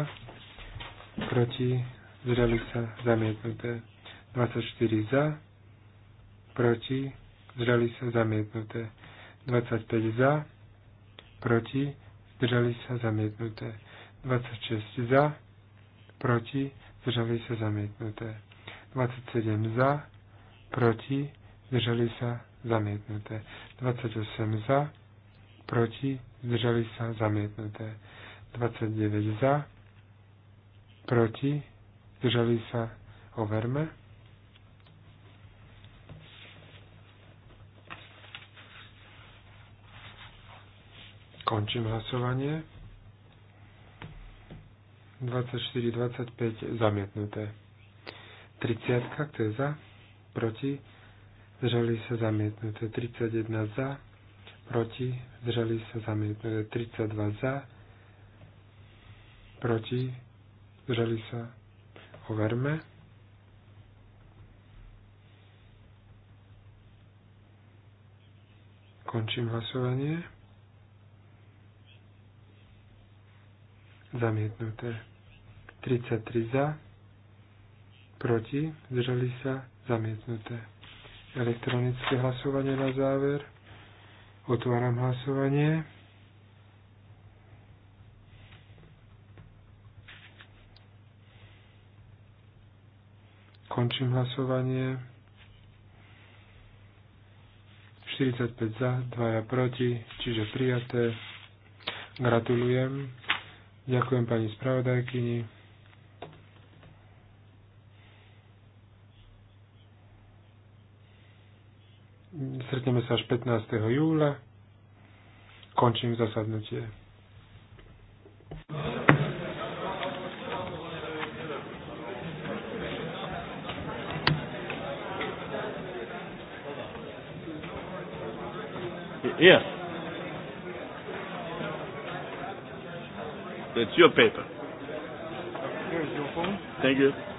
[SPEAKER 3] proti, zdrali sa, zamietnuté. 24 za, proti, zdrali sa, zamietnuté. 25 za, proti, zdrali sa, zamietnuté. 26 za, proti, zdrali sa, zamietnuté. 27 za, proti, zdrali sa, zamietnuté. 28 za, proti, zdržali sa zamietnuté. 29 za, proti, zdržali sa overme. Končím hlasovanie. 24-25 zamietnuté. 30, kto je za? Proti? Zdržali sa zamietnuté. 31 za? proti, zdrželi sa zamietnuté 32 za, proti, zdrželi sa, overme. Končím hlasovanie. Zamietnuté. 33 za, proti, zdrželi sa, zamietnuté. Elektronické hlasovanie na záver. Otváram hlasovanie. Končím hlasovanie. 45 za, 2 proti, čiže prijaté. Gratulujem. Ďakujem pani spravodajkyni. Stretneme sa až 15. júla. Končím zasadnutie.
[SPEAKER 4] Yes. That's your paper. Here's your phone. Thank you.